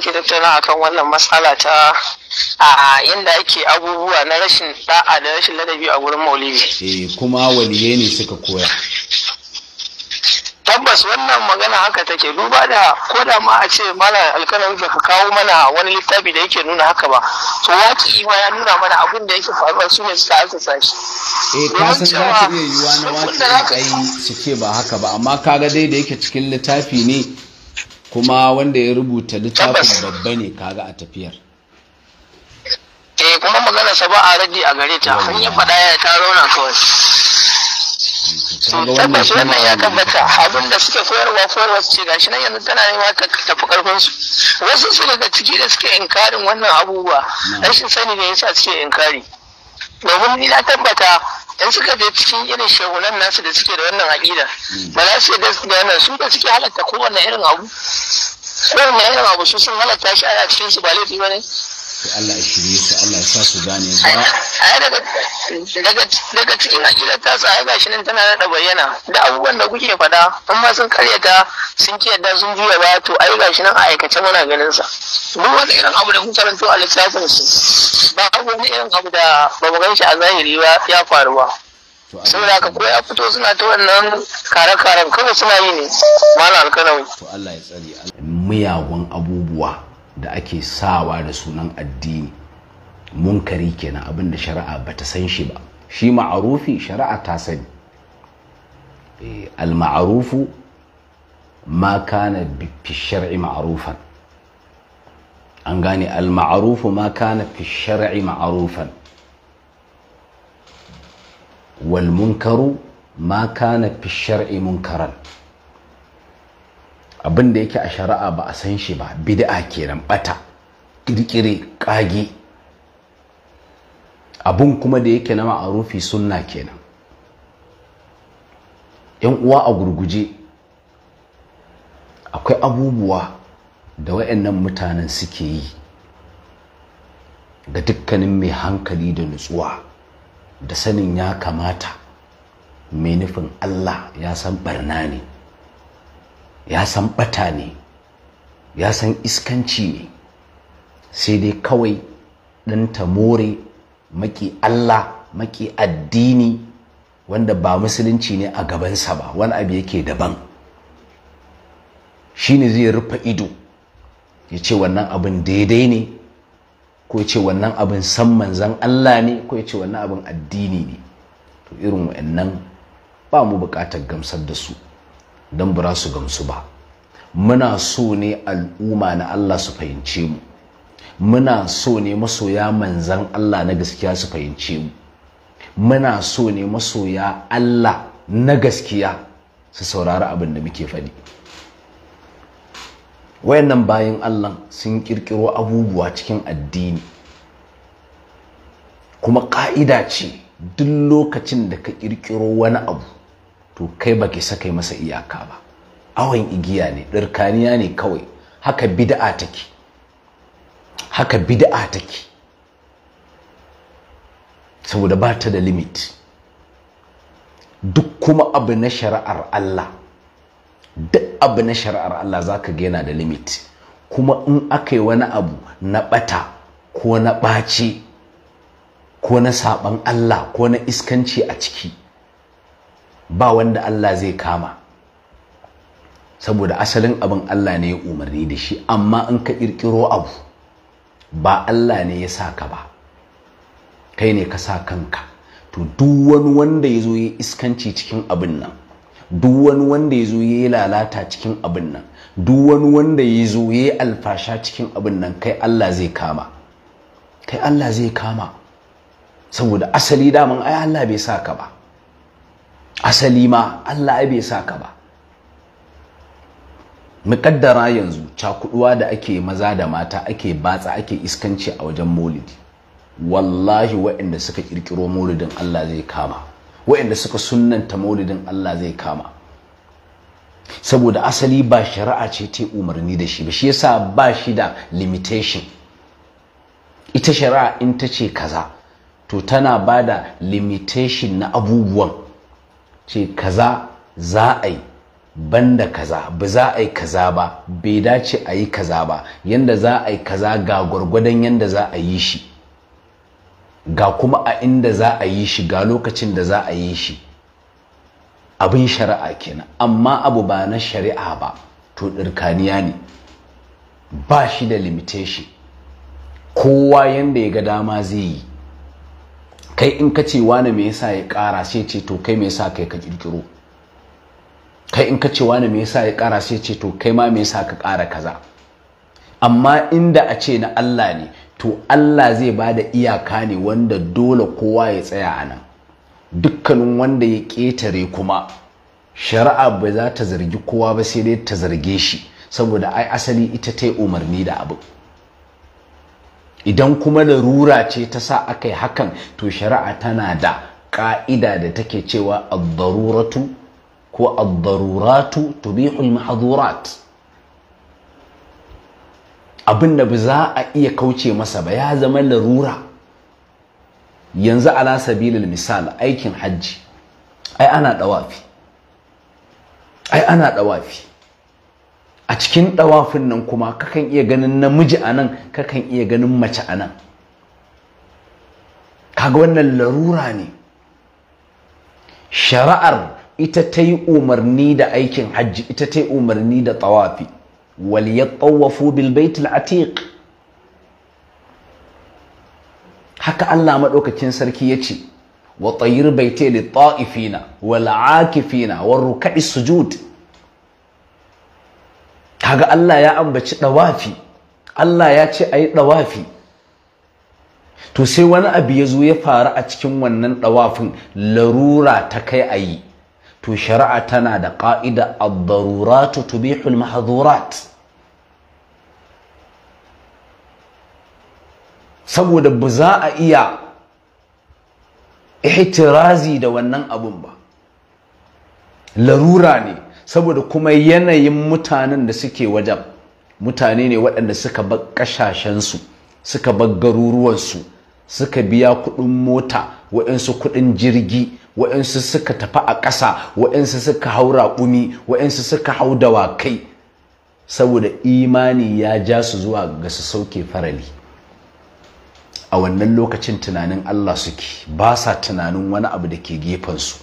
muke tattauna akan wannan matsala ta a yadda ake abubuwa na rashin da'a da rashin ladabi a wurin maulidi. Eh kuma waliyai ne suka koya. tabbas wannan magana haka take duba da ko da ma a ce mana alkanan ka kawo mana wani littafi da yake nuna haka ba to waki ima ya nuna mana abin da yake faruwa su ne suka aka sashi eh ka san za ta iya yiwuwa na waki ba haka ba amma kaga dai da yake cikin littafi ne kuma wanda ya rubuta littafin babba ne kaga a tafiyar eh kuma magana sa ba a raddi a gare ta an ya ya ta rauna kawai tabbas wannan ya tabbata abin da suke koyarwa koyarwa su ce gashi nan yanzu tana nema ta tafi karfin su wasu su daga ciki da suke inkarin wannan abubuwa rashin sani ne yasa suke inkari domin ni na tabbata in suka je cikin irin shagunan nasu da suke da wannan aƙida mm. ba za su yadda da wannan su da suke halatta kowane irin abu kowane irin abu su sun halatta shi a cikin su ba laifi ba ne sai Allah ya shirye su Allah ya sa su gane ba daga cikin ajiyarta ta sa ga shi nan tana da bayyana da abubuwan da kuke fada amma sun karyata sun ki yadda sun juya ba to ai ga shi nan a aikace muna ganin sa duk wani irin abu da kun karanto a littafin su ba ne irin abu da ba mu gan shi a zahiri ba ya faru ba saboda ka ko ya fito suna ta wannan kare-karen kawai suna yi ne malam kanawi. to Allah ya tsare miyagun abubuwa da ake sawa da sunan addini munkari kenan abin da shari'a ta san shi ba shi ma'arufi shari'a ta sani eh, al-ma'arufu ma kana fi shari'i ma'arufan an gane al-ma'arufu ma kana fi shari'i ma'arufan wal munkaru ma kana fi shar'i munkaran abin da yake a shari'a ba a san shi ba bid'a kenan bata kirkire kage abun kuma da yake na ma'arufi sunna kenan yan uwa a gurguje akwai abubuwa da wayannan mutanen suke yi ga dukkanin mai hankali da nutsuwa da sanin ya kamata mai nufin Allah ya san barna ne ya san bata ne ya san iskanci ne sai dai kawai ɗan more maki Allah maki addini wanda ba musulunci ne a gabansa ba wani abu yake daban shine zai rufe ido ya ce wannan abin daidai ne ko ya ce wannan abin san manzan Allah ne ko ya ce wannan abin addini ne to irin wa'annan ba mu buƙatar gamsar da su don bura su gamsu ba muna so ne al'umma na Allah su fahimce mu muna so ne masoya manzan Allah na gaskiya su fahimce mu muna so ne masoya Allah na gaskiya su saurari abin da muke faɗi wayannan bayan Allah sun ƙirƙiro abubuwa cikin addini kuma ƙa'ida ce duk lokacin da ka ƙirƙiro wani abu to kai baki saka masa iyaka ba awon igiya ne ɗirkaniya ne kawai haka bid'a take haka bid'a take saboda ba ta da limit duk kuma abu na shari'ar Allah duk abu na shari'ar Allah zaka ga yana da limit kuma in aka yi wani abu na ɓata ko na ɓace, ko na saɓan Allah ko na iskanci a ciki ba wanda Allah zai kama saboda asalin abin Allah ne ya umarni da shi amma in ka kirkiro abu ba Allah ne ya sa ka ba kai ne ka sa kanka to duk wani wanda ya zo ya iskanci cikin abin nan duk wani wanda ya zo ya lalata cikin abin nan duk wani wanda ya zo ya alfasha cikin abin nan kai Allah zai kama kai Allah zai kama saboda asali daman ai Allah bai sa ka ba asali ma Allah ya bai saka ba muƙaddara yanzu cakuduwa da ake maza da mata ake batsa ake iskanci a wajen maulidi wallahi waɗanda suka ƙirƙiro maulidin Allah zai kama waɗanda suka sunnanta maulidin Allah zai kama saboda asali ba shari'a ce ta umarni da shi ba shi yasa ba shi da limitation ita shari'a in ta ce kaza to tana ba da limitation na abubuwan ce kaza za a yi banda kaza ba za a yi kaza ba bai dace a yi kaza ba yanda za a yi kaza ga gwargwadon yanda za a yi shi ga kuma a inda za a yi shi ga lokacin da za a yi shi abin shari'a kenan amma abu ba na shari'a ba to ɗirkaniya ne ba shi da limitation kowa yanda ya ga dama zai yi kai in ka ce wani me yasa ya ƙara sai ce to kai me yasa kai ka kirkiro kai in ka ce wani me yasa ya ƙara sai ce to kai ma me yasa ka ƙara kaza amma inda a ce na Allah ne to Allah zai ba da iyaka ne wanda dole kowa ya tsaya a nan dukkanin wanda ya ƙetare kuma shari'a ba za ta zargi kowa ba sai dai ta zarge shi saboda ai asali ita ta yi umarni da abu idan kuma larura ce ta sa aka yi hakan to shari'a tana da ƙa'ida da take cewa ad ko ad-daruratu tubihul mahdurat abin da za a iya kauce masa ba ya zama larura yanzu ala sabilil misal aikin hajji ai ana dawafi ai ana dawafi a cikin ɗawafin nan kuma kakan iya ganin namiji a nan kakan iya ganin mace a nan kaga wannan larura ne shari'ar ita ta yi umarni da aikin hajji ita ta yi umarni da tsawafi waliyar yatawafu bilbaitul atiq haka Allah maɗaukacin sarki ya ce wa tayyir baiti lit ta'ifina wal akifina war ruk'i sujud kaga Allah ya ambaci dawafi Allah ya ce ayi dawafi to sai wani abu ya zo ya faru a cikin wannan dawafin larura ta kai ayi to shari'a tana da ƙa'ida ad-daruratu al mahdhurat saboda ba za a iya ihtirazi da wannan abun ba larura ne saboda kuma yanayin mutanen da suke wajen mutane ne waɗanda suka bar ƙashashensu suka bar garuruwansu suka biya kuɗin mota waɗansu kuɗin jirgi waɗansu suka tafi a ƙasa waɗansu suka hau raƙumi waɗansu suka hau dawakai saboda imani ya ja su zuwa ga su sauke farali a wannan lokacin tunanin Allah suke ba sa tunanin wani abu da ke gefensu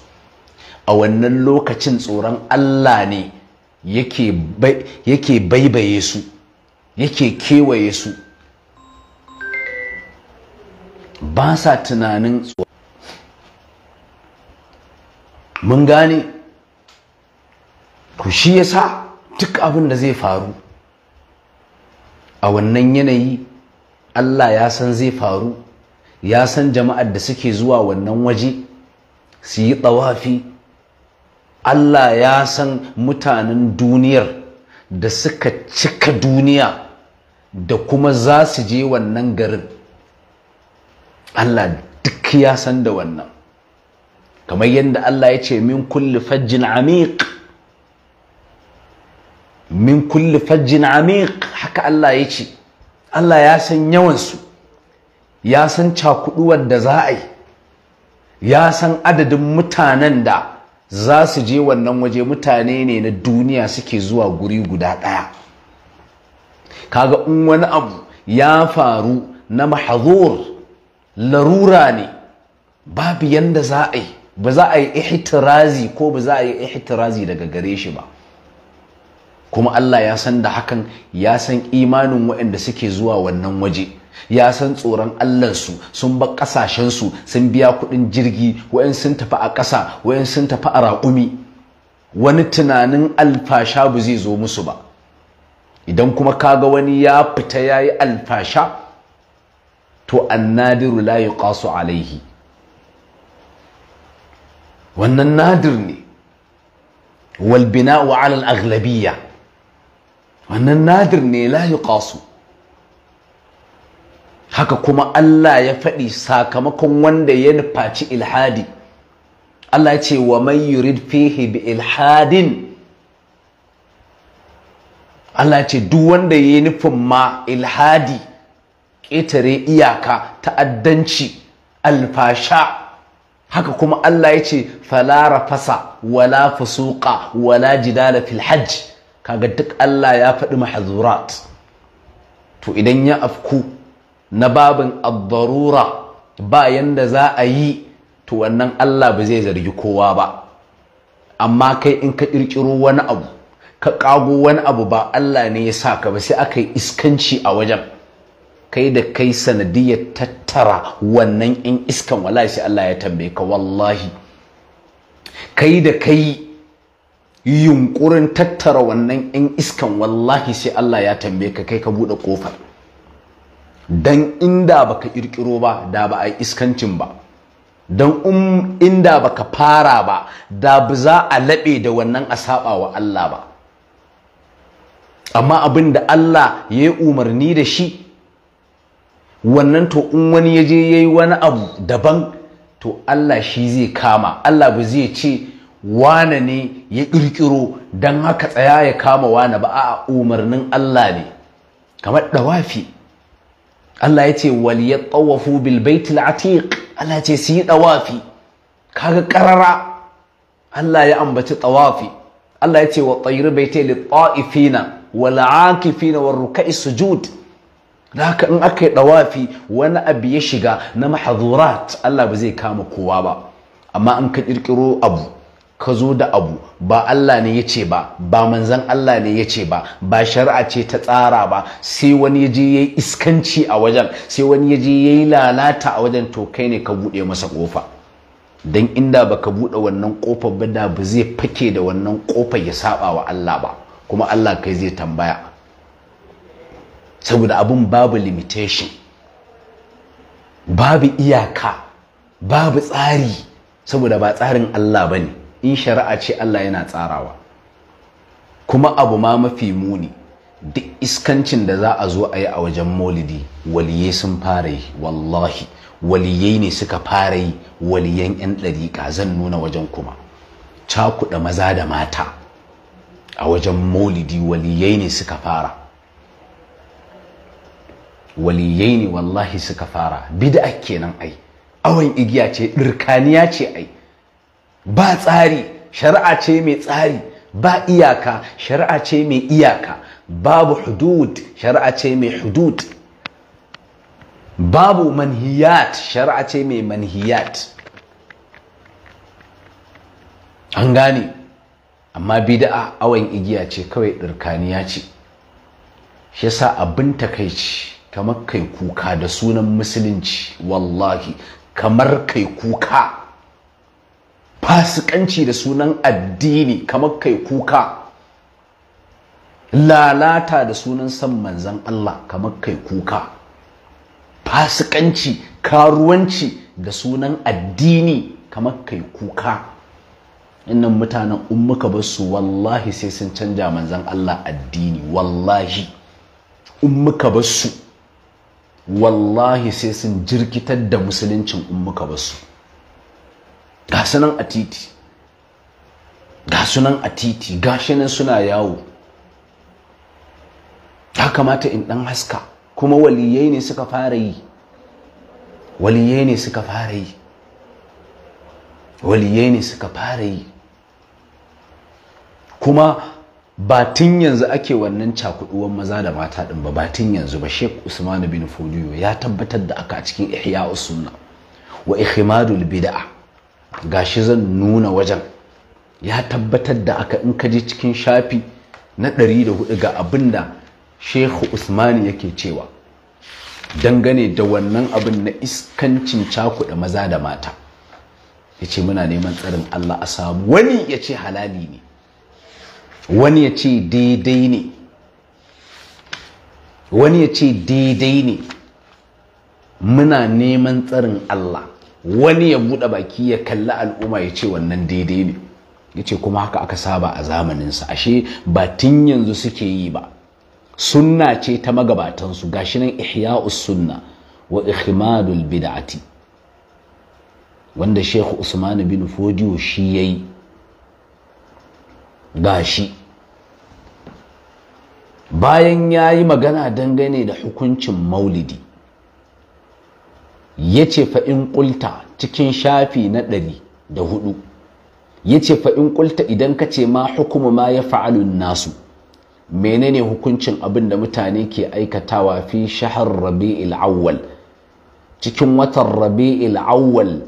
a wannan lokacin tsoron Allah ne yake baibaye su yake kewaye su ba sa tunanin tsoron mun gane ku shi yasa duk abin da zai faru a wannan yanayi Allah ya san zai faru ya san jama'ar da suke zuwa wannan waje su yi tsawafi Allah ya san mutanen duniyar da suka cika duniya da kuma za su je wannan garin Allah duk ya san da wannan kamar yadda Allah ya ce min kulli fajjin amiq min kulli fajjin amiq haka Allah ya ce Allah ya san yawansu ya san cakuduwar da za a yi ya san adadin mutanen da za su je wannan waje mutane ne na duniya suke zuwa guri guda ɗaya kaga in wani abu ya faru na mahazur larura ne babu yadda za a yi ba za a yi ihtirazi ko ba za a yi ihtirazi daga gare shi ba kuma Allah ya san da hakan ya san imanin waɗanda suke zuwa wannan waje ya san tsoron allansu sun bar ƙasashensu sun biya kuɗin jirgi wayan sun tafi a ƙasa wayan sun tafi a raƙumi wani tunanin alfasha ba zai zo musu ba idan kuma kaga wani ya fita ya yi alfasha to annadiru la yuqasu alaihi wannan nadir ne wal bina'u ala al-aghlabiyya wannan nadir ne la yuqasu haka kuma Allah ya faɗi sakamakon wanda ya nufaci ilhadi Allah ya ce wa man yurid fihi bi ilhadin Allah ya ce duk wanda ya nufin ma ilhadi ƙetare iyaka ta'addanci alfasha haka kuma Allah ya ce falara fasa wala fusuqa wala jidala fil hajj kaga duk Allah ya faɗi mahazurat to idan ya afku na babin ad bayan ba yanda za a yi to wannan Allah ba zai zargi kowa ba amma kai in ka ƙirƙiro wani abu ka ƙago wani abu ba Allah ne ya sa ka ba sai aka yi iskanci a wajen kai da kai sanadiyar tattara wannan in iskan wallahi sai Allah ya tambaye ka wallahi kai da kai yunkurin tattara wannan in iskan wallahi sai Allah ya tambaye ka kai ka buɗe ƙofar dan inda baka kirkiro ba da ba a iskancin ba dan um inda baka fara ba da ba za a laɓe da wannan a saba wa Allah ba amma abin da Allah ya yi umarni da shi wannan to in wani ya je ya yi wani abu daban to Allah shi zai kama Allah ba zai ce wane ne ya ƙirƙiro don haka tsaya ya kama wane ba a umarnin Allah ne kamar ɗawafi Allah ya ce wal yatawafu bil atiq Allah ya ce su yi tawafi kaga karara Allah ya ambaci ɗawafi Allah ya ce wa tayri baiti lit taifina wal akifina war ruk'i sujud haka in aka yi ɗawafi wani abu ya shiga na mahadhurat Allah ba zai kama kowa ba amma in ka kirkiro abu ka zo da abu ba Allah ne ya ce ba ba manzan Allah ne ya ce ba ba shari'a ce ta tsara ba sai wani ya je ya yi iskanci a wajen sai wani ya je ya yi lalata a wajen to kai ne ka buɗe masa ƙofa don inda ba ka buɗe wannan ƙofa ba da ba zai fake da wannan ƙofar ya saba wa Allah ba kuma Allah kai zai tambaya saboda abun babu limitation babu iyaka babu tsari saboda ba tsarin Allah ba ne in shari'a ce Allah yana tsarawa kuma abu ma mafi muni duk iskancin da za a zo a yi a wajen molidi waliyai sun fara yi wallahi waliyai ne suka fara yi waliyan 'yan ɗariƙa zan nuna wajen kuma cakuɗa maza da mata a wajen molidi waliyai ne suka fara waliyai ne wallahi suka fara bid'a kenan ai awon igiya ce ɗirkaniya ce ai ba tsari shari'a ce mai tsari ba iyaka shari'a ce mai iyaka babu hudud shari'a ce mai hudud babu manhiyat shari'a ce mai manhiyat an gane amma bida'a awon igiya ce kawai ɗirkaniya ce shi sa abin takaici kamar kai kuka da sunan musulunci wallahi kamar kai kuka fasikanci da sunan addini kamar kai kuka lalata da sunan san manzan Allah kamar kai kuka fasikanci karuwanci da sunan addini kamar kai kuka innan mutanen in ba su wallahi sai sun canja manzan Allah addini wallahi umuka ba su wallahi sai sun jirkitar da musuluncin in muka su ga nan a titi ga nan a titi nan suna yawo ya kamata in ɗan haska kuma waliyai ne suka fara yi waliyai ne suka fara yi waliyai ne suka fara yi kuma batun yanzu ake wannan cakuduwan maza da mata din ba batun yanzu ba shek Usman bin Fodiyo ya tabbatar da aka cikin Ihya Usunna wa Ihmadul Bid'ah gashi zan nuna wajen ya tabbatar da aka in kaji cikin shafi na 104 ga abinda da shehu usmani yake cewa dangane da wannan abin na iskancin cakuɗa maza da mata ya ce muna neman tsarin allah a samu wani ya ce halali ne wani ya ce daidai ne wani ya ce daidai ne muna neman tsarin allah wani ya buɗe baki ya kalli al'umma ya ce wannan daidai ne ya ce kuma haka aka saba a zamaninsa ashe ba tun yanzu suke yi ba sunna ce ta magabatansu gashi nan ihya'us sunna wa ikhmadul bid'ati wanda Sheikh Usman bin Fodiyo shi yayi gashi bayan yayi magana dangane da hukuncin maulidi ya ce fa'in ƙulta cikin shafi na ɗari da hudu ya ce fa'in ƙulta idan ka ce ma hukuma ma ya fa'alun nasu menene hukuncin abin da mutane ke aikatawa fi shahar rabi'il awwal cikin watan rabi'il awwal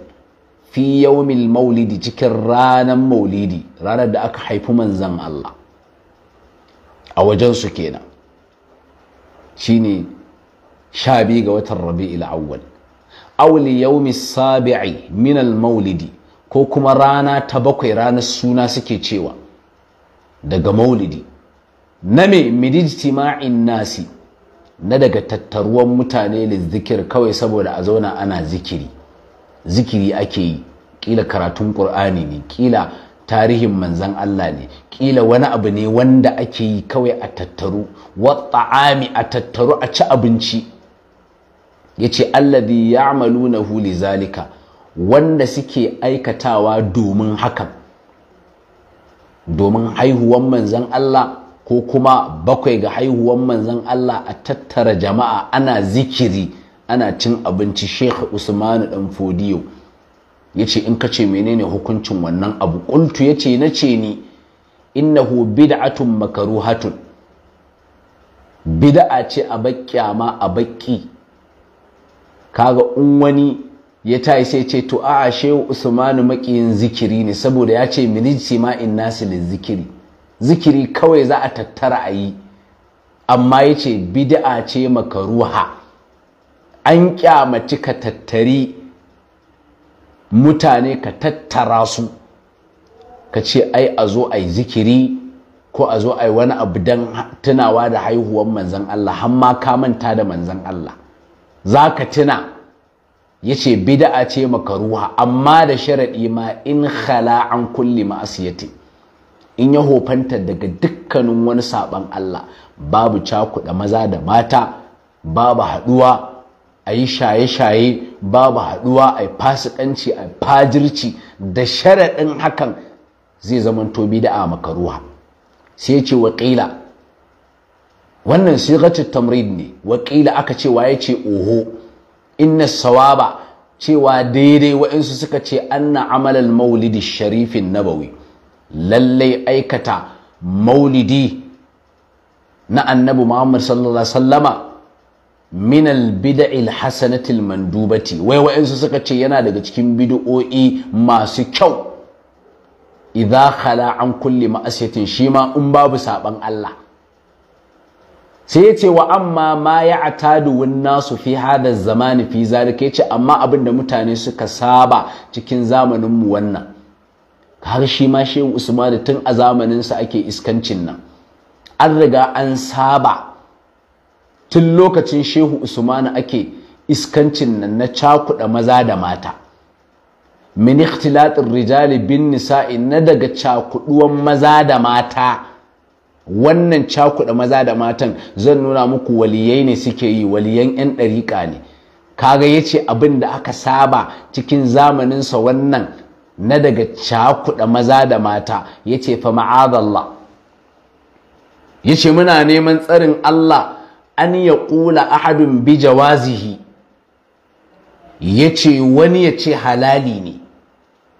fi yaumil maulidi cikin ranar maulidi ranar da aka haifi manzan Allah a wajensu kenan shine sha biyu ga watan rabi'il awwal Auli yawmi sabi'i min al-maulidi ko kuma rana ta bakwai ranar suna suke cewa daga maulidi na me midijtima'in nasi na daga tattaruwan mutane zikir kawai saboda a zauna ana zikiri zikiri ake yi kila karatun qur'ani ne kila tarihin manzan Allah ne kila wani abu ne wanda ake yi kawai a tattaru wa ta'ami a tattaru a ci abinci yace allazi ya'malunahu huli zalika wanda suke aikatawa domin hakan domin haihuwan manzon Allah ko kuma bakwai ga haihuwan manzon Allah a tattara jama'a ana zikiri ana cin abinci Sheikh Usmanu dan Fodiyo yace in kace menene hukuncin wannan abu qultu yace nace ni innahu bid'atun makaruhatun bid'a ce a bakkyama a baƙi kaga in wani ya tayi sai ce to a'a shehu usmanu makiyin zikiri ne saboda ya ce minijti ma in nasu zikiri zikiri kawai za a tattara a yi amma ya ce bid'a ce makaruha an kyamaci ka tattari mutane ka tattara su ka ce ai a zo a yi zikiri ko a zo a yi wani abu don tunawa da haihuwan manzan Allah har ma ka manta da manzan Allah za ka tuna ya ce bida'a ce makaruha amma da sharaɗi ma in khala an kulli ma'asiyati in ya hofanta daga dukkanin wani saɓan Allah babu cakuɗa maza da mata babu haɗuwa a yi shaye-shaye babu haɗuwa a yi fasikanci a fajirci da sharaɗin hakan zai zamanto bida'a makaruha sai ce waƙila wannan sighatu tamrid ne wakila aka ce waye ce oho inna sawaba cewa daidai wa'insu suka ce anna amalal maulidi sharifin nabawi lallai aikata maulidi na annabi muhammad sallallahu alaihi wasallama min albid'il hasanati Mandubati wai wa'insu suka ce yana daga cikin bid'o'i masu kyau idza khala an kulli ma'asiyatin shima in babu saban Allah sai ya ce wa amma ma ya atadu nasu fi hada zamani fi zalika ya ce amma abin da mutane suka saba cikin zamaninmu wannan har shi ma shehu usman tun a zamanin ake iskancin nan an riga an saba tun lokacin shehu usman ake iskancin nan na cakuɗa maza da mata min ikhtilatin rijali bin nisa'i na daga cakuɗuwan maza da mata wannan cakuɗa maza da matan zan nuna muku waliyai ne suke yi waliyan 'yan ɗariƙa ne kaga ya ce abin da aka saba cikin zamaninsa wannan na daga cakuɗa maza da mata ya ce fa ma'adallah ya ce muna neman tsarin Allah an ya ƙula ahadun bi jawazihi ya ce wani ya ce halali ne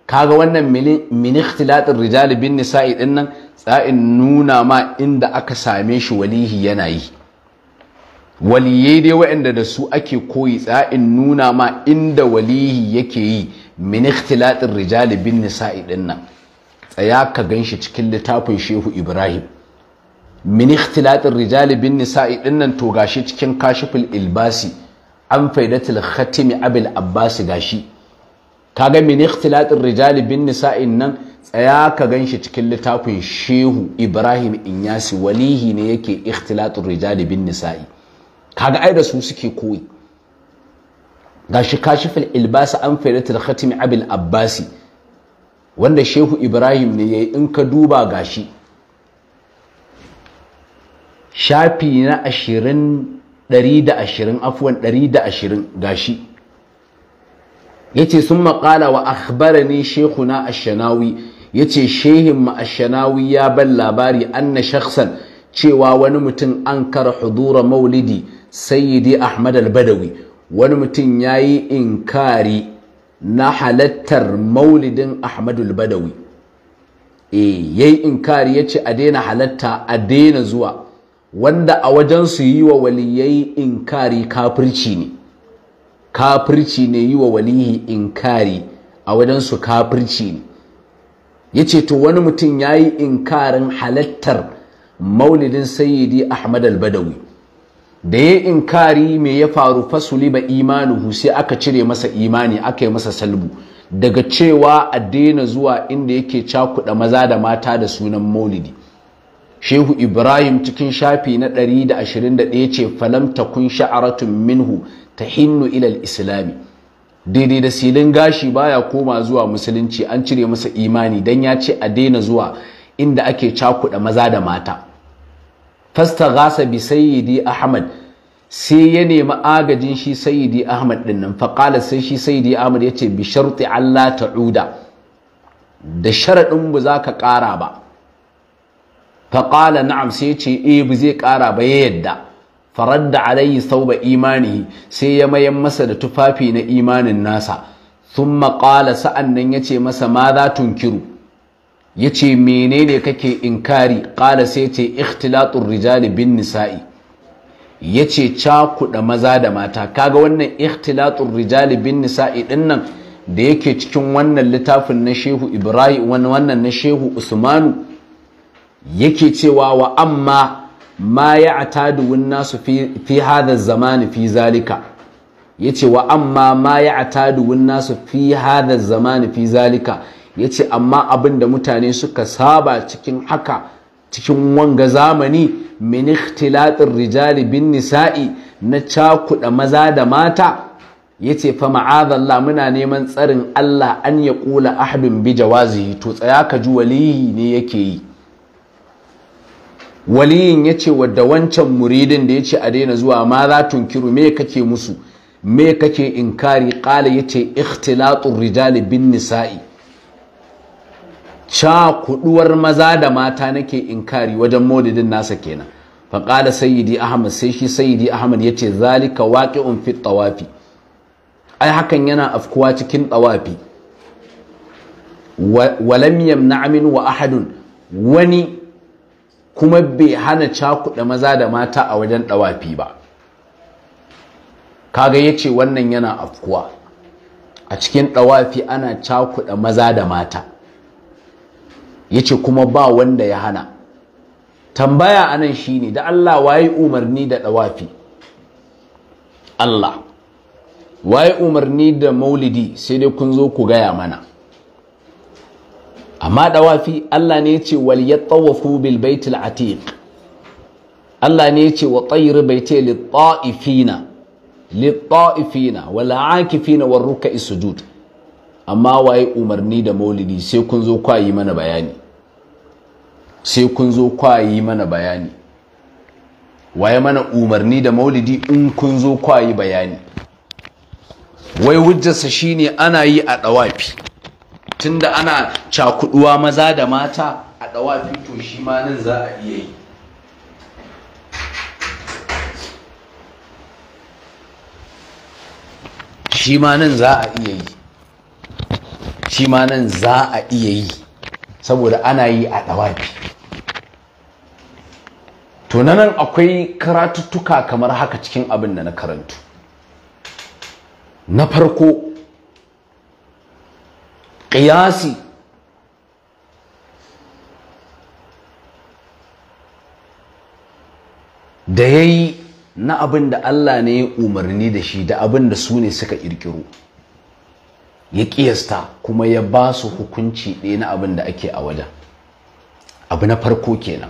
kaga wannan mini ikhtilatin rijali bin nisa'i din nan tsa'in nuna ma inda aka same shi walihi yana yi waliyai dai waɗanda da su ake koyi tsa'in nuna ma inda walihi yake yi min ikhtilatin rijali bin nisa'i din nan tsaya ka gan shi cikin littafin shehu ibrahim min ikhtilatin rijali bin nisa'i din nan to gashi cikin kashiful ilbasi an faidatul khatimi abil Abbas gashi kaga min ikhtilatir rijali bin nisa'in nan tsaya ka ganshi cikin littafin shehu ibrahim inyasi walihi ne yake ikhtilatir rijali bin nisa'i kaga ai da su suke koyi gashi kashifil ilbasa an fayyatar khatimi abil abbasi wanda shehu ibrahim ne yayi in ka duba gashi shafi na ashirin ɗari da ashirin afuwan ɗari da ashirin gashi yace sun maƙala wa akhbarani shekuna ashanawi yace shehin mu ashanawi ya ban labari anna shakhsan cewa wani mutum an kara hudura maulidi sayyidi ahmad al-badawi wani mutum ya yayi inkari na halattar maulidin ahmad al-badawi eh yayi inkari yace a daina halatta a daina zuwa wanda a wajen su yi wa waliyayi inkari kafirci ne kafirci ne yi wa waliyi inkari a wajensu kafirci ne ya ce to wani mutum ya yi inkarin halattar maulidin sayidi ahmad al-badawi da ya inkari mai ya faru fasuli ba imanuhu sai aka cire masa imani aka yi masa salbu daga cewa a daina zuwa inda yake cakuɗa maza da mata da sunan maulidi shehu ibrahim cikin shafi na 121 ce falamta takun sha'aratun minhu ta hinnu ilal islami daidai da silin gashi baya koma zuwa musulunci an cire masa imani dan ya ce a daina zuwa inda ake cakuɗa maza da mata fasta gasa bi sayyidi ahmad sai ya nemi agajin shi sayyidi ahmad din nan faqala sai shi sayyidi ahmad ya ce bi sharti Allah ta'uda da sharadin bu za ka ƙara ba faqala na'am sai yace eh bu zai ƙara ba ya yadda faradda alayhi sauba imani sai ya mayan masa da tufafi na imanin nasa sa'an nan sa'annan yace masa ma za tunkiru yace menene kake inkari qala sai yace ikhtilatur rijali bin nisa'i yace da maza da mata kaga wannan ikhtilatur rijali bin nisa'i nan da yake cikin wannan littafin na Shehu Ibrahim wannan na Shehu Usmanu yake cewa wa amma ma ya atadu nasu fi hadha zamani fi zalika yace wa amma ma ya atadu nasu fi hadha zamani fi zalika yace amma abin da mutane suka saba cikin haka cikin wanga zamani min ikhtilatir rijali bin nisa'i na cakuɗa maza da mata yace fa ma'azallah muna neman tsarin Allah an ya kula ahadun bi jawazihi to tsaya ka ji waliyi ne yake yi waliyin ya ce wadda wancan muridin da ya ce a daina zuwa ma za tunkiru me kake musu me kake inkari ƙala ya ce ikhtilatun rijali bin nisa'i kuɗuwar maza da mata nake inkari wajen modidin nasa kenan faƙala sayyidi ahmad sai shi sayyidi ahmad ya ce zalika un fi tawafi ai hakan yana afkuwa cikin tawafi walam yamna wa ahadun wani kuma bai hana cakuɗa maza da mata a wajen ɗawafi ba kaga ya ce wannan yana afkuwa a cikin ɗawafi ana cakuɗa maza da mata ya ce kuma ba wanda ya hana tambaya a nan shi ne da Allah waye umarni da ɗawafi Allah waye umarni da maulidi sai dai kun zo ku gaya mana amma dawafi Allah ne ce wal yatawafu bil baitil atiq Allah ne ce wa tsayir baiti lit ta'ifina lit ta'ifina wal aakifina war ruk'i sujud amma waye umarni da maulidi sai kun zo kwa yi mana bayani sai kun zo kwa yi mana bayani waye mana umarni da maulidi in kun zo kwa yi bayani wai hujjarsa shine ana yi a dawafi tunda ana cakuduwa maza da mata a dawafi to shi ma nan za a iya yi shi ma nan za a iya yi shi ma nan za a iya yi saboda ana yi a dawafi to nan akwai karatuttuka kamar haka cikin abin da na karantu na farko ƙiyasi da ya yi na abin da Allah ne ya umarni da shi da abin da su ne suka ƙirƙiro ya ƙiyasta kuma ya ba su hukunci ɗaya na abin da ake a wajen abu na farko kenan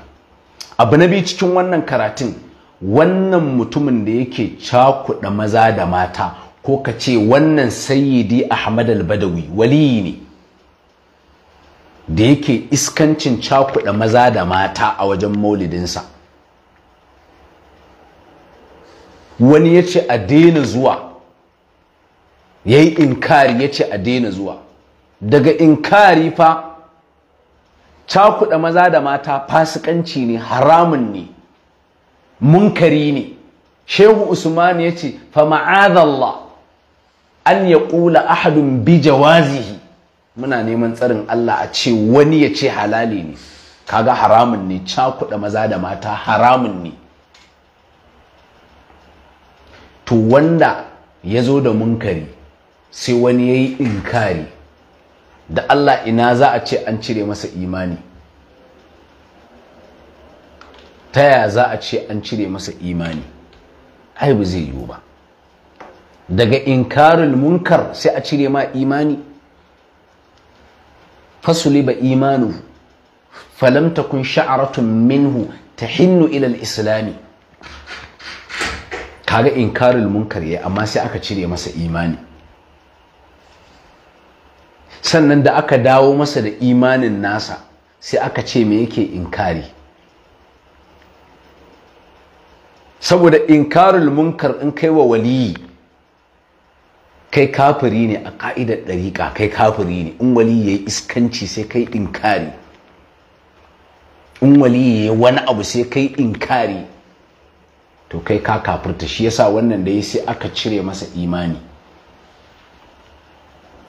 abu na biyu cikin wannan karatun wannan mutumin da yake cakuɗa maza da mata ko ka ce wannan sayyidi ahmad al-badawi waliyi ne da yake iskancin cakuɗa maza da mata a wajen maulidinsa wani ya ce a daina zuwa ya yi inkari ya ce a daina zuwa daga inkari fa cakuɗa maza da mata fasikanci ne haramun ne munkari ne shehu usman ya ce fa ma'adallah an ya ƙula ahadun bi jawazihi muna neman tsarin Allah a ce wani ya ce halali ne kaga haramun ne cakuɗa maza da mata haramun ne to wanda ya zo da munkari sai wani ya yi inkari da Allah ina za a ce an cire masa imani ta yaya za a ce an cire masa imani ai ba zai yiwu ba daga inkarin munkar sai a cire ma imani fasuliba imanuhu falam takun sha'aratun minhu tahinnu ila al-islami kaga inkarul munkar yayi amma sai aka cire masa imani sannan da aka dawo masa da imanin nasa sai aka ce me yake inkari saboda inkarul munkar in kai wa wali. kai kafiri ne a ka'idar ɗariƙa kai kafiri ne in wali ya yi iskanci sai kai ɗinkari in wali ya yi wani abu sai kai ɗinkari to kai ka kafirta shi yasa wannan da ya sai aka cire masa imani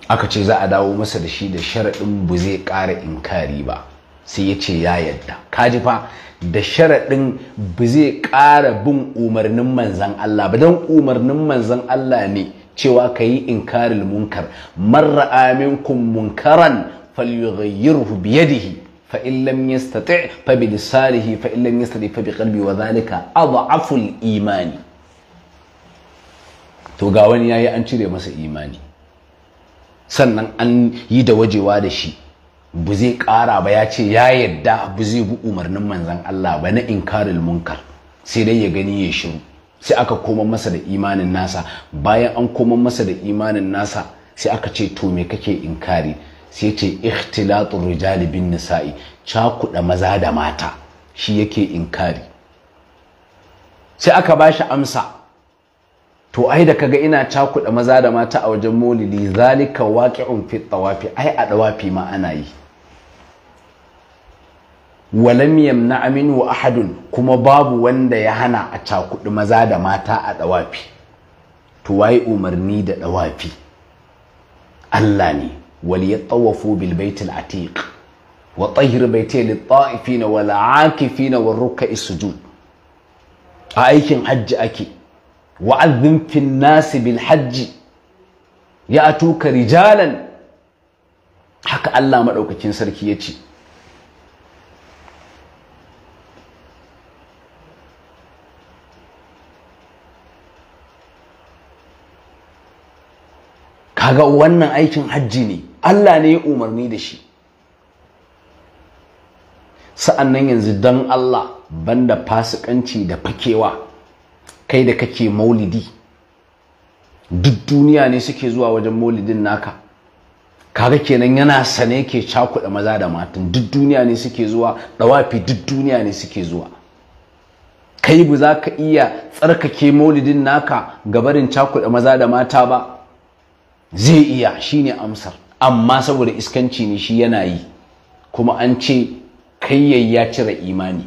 aka ce za a dawo masa da shi da sharaɗin bu zai ƙara inkari ba sai ya ce ya yadda ka ji fa da sharaɗin ba zai ƙara bin umarnin manzan Allah ba don umarnin manzan Allah ne cewa ka yi inkaril munkar marra kun munkaran falyughayyirhu biyadihi fa in lam yastati fa bi lisanihi fa in lam yastati fa bi qalbi wa dhalika adhafu aful imani to ga wani yayi an cire masa imani sannan an yi da wajewa da shi bu zai ƙara ba ya ce ya yadda bu zai bi umarnin manzan Allah ba na inkaril munkar sai dai ya gani ya shiru sai aka koma masa da imanin nasa bayan an koma masa da imanin nasa sai aka ce to me kake inkari sai ce ikhtilatu rijali bin nisa'i cakuɗa maza da mata shi yake inkari sai aka ba shi amsa to ai da kaga ina cakuɗa maza da mata a wajen molili zalika waqi'un fi tawafi ai a ɗawafi ma ana yi walam na aminu ahadun kuma babu wanda ya hana a cakuɗi maza da mata a ɗawafi Tuwai umarni da ɗawafi Allah ne wal yatawafu bil baitil atiq wa tahir baiti lit ta'ifina wal akifina war ruk'i a aikin hajji ake wa'adhin fin nasi bil hajji ya a atuka rijalan haka Allah maɗaukacin sarki ya ce kaga wannan aikin hajji ne Allah ne ya umarni da shi sa'annan yanzu don Allah banda fasikanci da fakewa kai da kake maulidi duk duniya ne suke zuwa wajen maulidin naka kaga kenan yana sane ke cakuɗa maza da matan duk duniya ne suke zuwa ɗawafi duk duniya ne suke zuwa kai ba za ka iya tsarkake maulidin naka ga barin cakuɗa maza da mata ba zai iya shine amsar amma saboda iskanci ne shi yana yi kuma an ce kayyai ya cire imani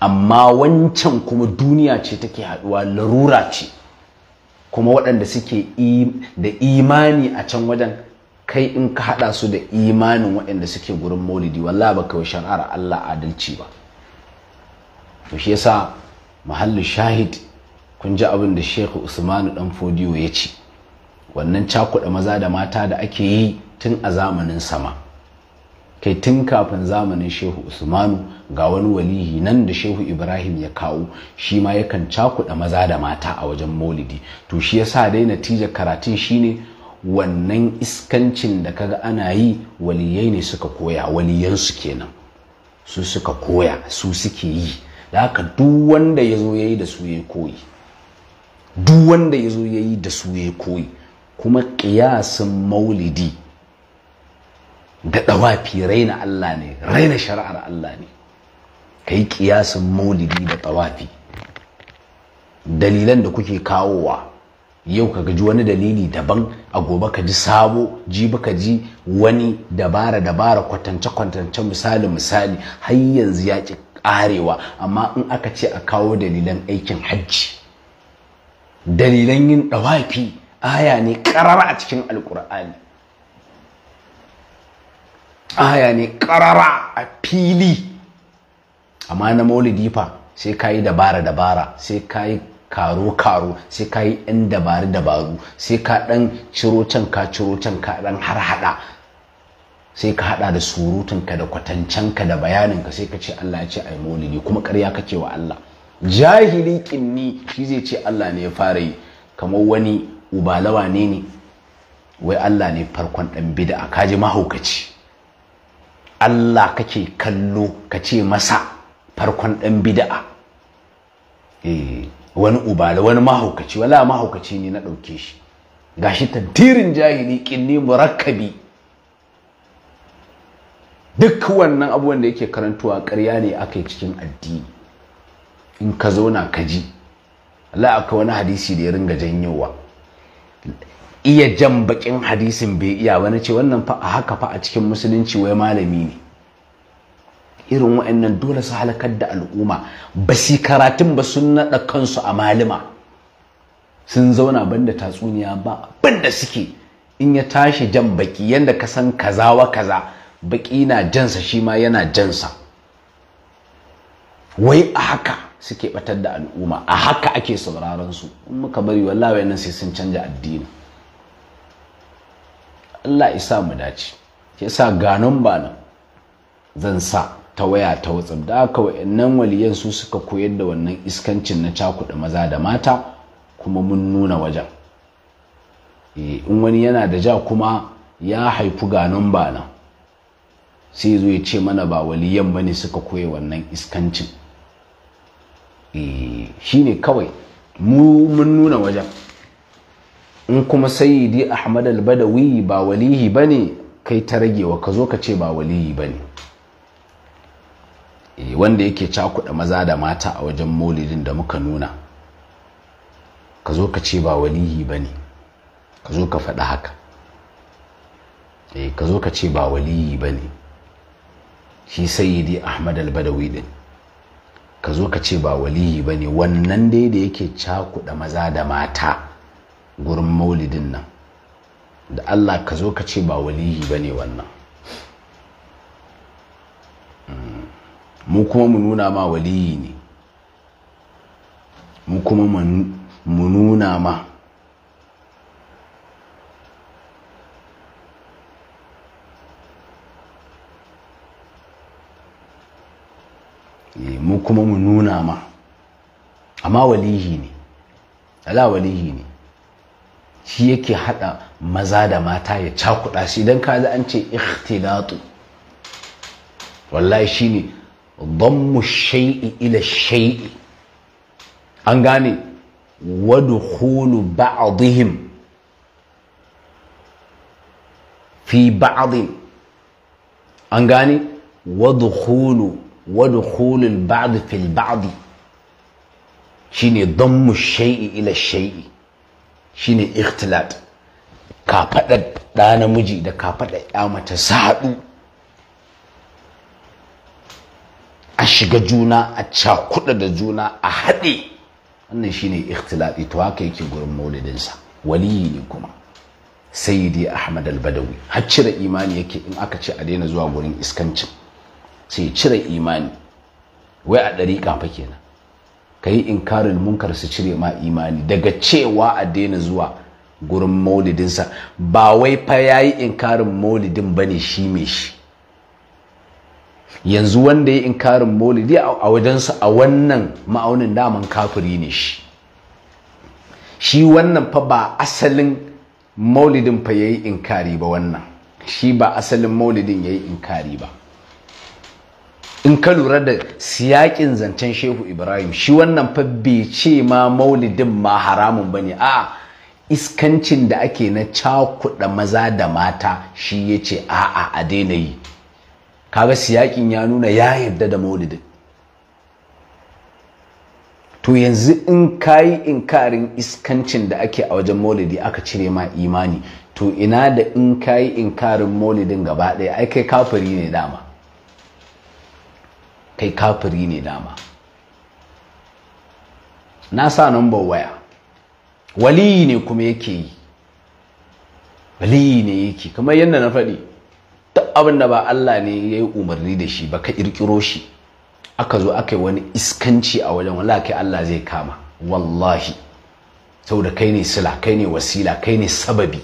amma wancan kuma duniya ce take haɗuwa larura ce kuma waɗanda suke da imani a can wajen kai in ka haɗa su da imanin waɗanda suke gurin maulidi walla ba kawai shari'ar Allah adalci ba to shi yasa mahallin shahid kun ji abin da Sheikh Usmanu dan Fodiyo ya ce wannan cakuɗa maza da mata da ake yi tun a zamanin sama kai tun kafin zamanin shehu usmanu ga wani walihi nan da shehu ibrahim ya kawo shi ma yakan cakuɗa maza da mata a wajen maulidi to shi ya sa dai natija karatun shine wannan iskancin da kaga ana yi waliyai ne suka koya waliyansu kenan su suka koya su suke yi da haka duk wanda ya zo ya yi da su ya koyi duk wanda ya zo ya yi da su ya koyi kuma ƙiyasin maulidi da ɗawafi raina Allah ne raina shari'ar Allah ne ka yi ƙiyasin maulidi da ɗawafi dalilan da kuke kawowa yau ka gaji wani dalili daban a gobe ka ji sabo jibi ka ji wani dabara dabara kwatance kwatance misali misali har yanzu ya ƙi ƙarewa amma in aka ce a kawo dalilan aikin hajji dalilan yin ɗawafi aya ne karara a cikin alkur'ani aya ne karara a fili amma na maulidi fa sai ka yi dabara dabara sai ka yi karo karo sai ka yi yan dabaru dabaru sai ka dan ciro can ka ciro can ka dan har hada sai ka hada da surutunka da kwatancenka da bayanin ka, sai ka ce Allah ya ce ai maulidi kuma ƙarya kake wa Allah jahili kinni shi zai ce Allah ne ya fara yi kamar wani ubalawa ne ne wai Allah ne farkon dan bid'a kaji mahaukaci Allah kake kallo kace masa farkon dan bid'a eh wani ubala wani mahaukaci wala mahaukaci ne na dauke shi gashi tattirin jahili kinni murakkabi duk wannan abubuwan da yake karantuwa karya ne aka cikin addini in ka zauna ka ji Allah wani hadisi da ya ringa janyowa iya jan bakin hadisin bai iya wani ce wannan fa haka fa a cikin musulunci wai malami ne irin wa'annan dole su halakar da al'umma ba shi karatun ba sun naɗa kansu a malima sun zauna banda tatsuniya ba banda suke in ya tashi jan baki yadda ka san kaza wa kaza baki na jansa shi ma yana jansa wai a haka suke batar da al'umma a haka ake sauraron su in muka bari wallahi nan sai sun canja addini Allah isa mu dace yasa ganon ba nan zan sa ta waya ta watsam da haka wayannan waliyan su suka koyar da wannan iskancin na caku da maza da mata kuma mun nuna wajen eh in wani yana da ja kuma ya haifi ganon ba nan sai zo ya ce mana ba waliyan bane suka koya wannan iskancin Eh, shi ne kawai mu mun nuna wajen in kuma sayyidi ahmad al-badawi ba walihi ne kai ta ragewa ka zo ka ce ba walihi ba ne eh, wanda yake cakuɗa maza da mata a wajen maulidin da muka nuna ka zo ka ce ba walihi ba ne ka zo ka fada haka eh, ka zo ka ce ba waliyi ba ne shi sayyidi ahmad al-badawi din ka zo ka ce ba waliyi ba ne wannan dai da yake cakuɗa maza da mata gurin maulidin nan da allah ka zo ka ce ba waliyi ba ne wannan hmm. mu kuma mu nuna ma waliyi ne mu kuma mu nuna ma Eh, mu kuma mu nuna ma amma walihi ne ala walihi ne shi yake hada maza da mata ya cakuɗa shi idan ka an ce ikhtilatu wallahi shine dammu shay'i ila shay'i an gane wadkhulu ba'dihim fi ba'din an gane wadkhulu ودخول البعض في البعض shine dammu shai'i ila shai'i shine ikhtilat kafaɗa ɗa namiji da kafaɗa ya mata saɗu a shiga juna a cakuɗa da juna a haɗe wannan shine ikhtilati to haka yake gurin maulidinsa waliyi ne kuma sayyidi ahmad al-badawi har cire imani yake in aka ce a daina zuwa gurin iskanci. sai cire imani wai a ɗari ƙafa kenan ka yi inkarin munkar su cire ma imani daga cewa a daina zuwa gurin maulidinsa ba wai fa ya yi inkarin maulidin ba ne shi mai shi yanzu wanda ya yi inkarin maulidi a wajensa a wannan ma'aunin daman kafiri ne shi shi wannan fa ba asalin maulidin fa ya yi inkari ba wannan shi ba asalin maulidin ya yi inkari ba in ka lura da siyakin zancen shehu ibrahim shi wannan fa bai ce ma maulidin ma haramun ba ne a iskancin da ake na cakuɗa maza da mata shi ya ce a'a a daina yi kaga siyakin ya nuna ya yarda da maulidin to yanzu in ka kayi inkarin iskancin da ake a wajen maulidi aka cire ma imani to ina da in kayi inkarin maulidin gaba ɗaya ai kai kafiri ne dama kai kafiri ne dama na sa number waya waliyi ne kuma yake yi waliyi ne yake kamar yadda na faɗi duk abin da ba Allah ne ya yi umarni da shi ba ka ƙirƙiro shi aka zo aka yi wani iskanci a wajen wala Allah zai kama wallahi saboda kai ne sila kai ne wasila kai ne sababi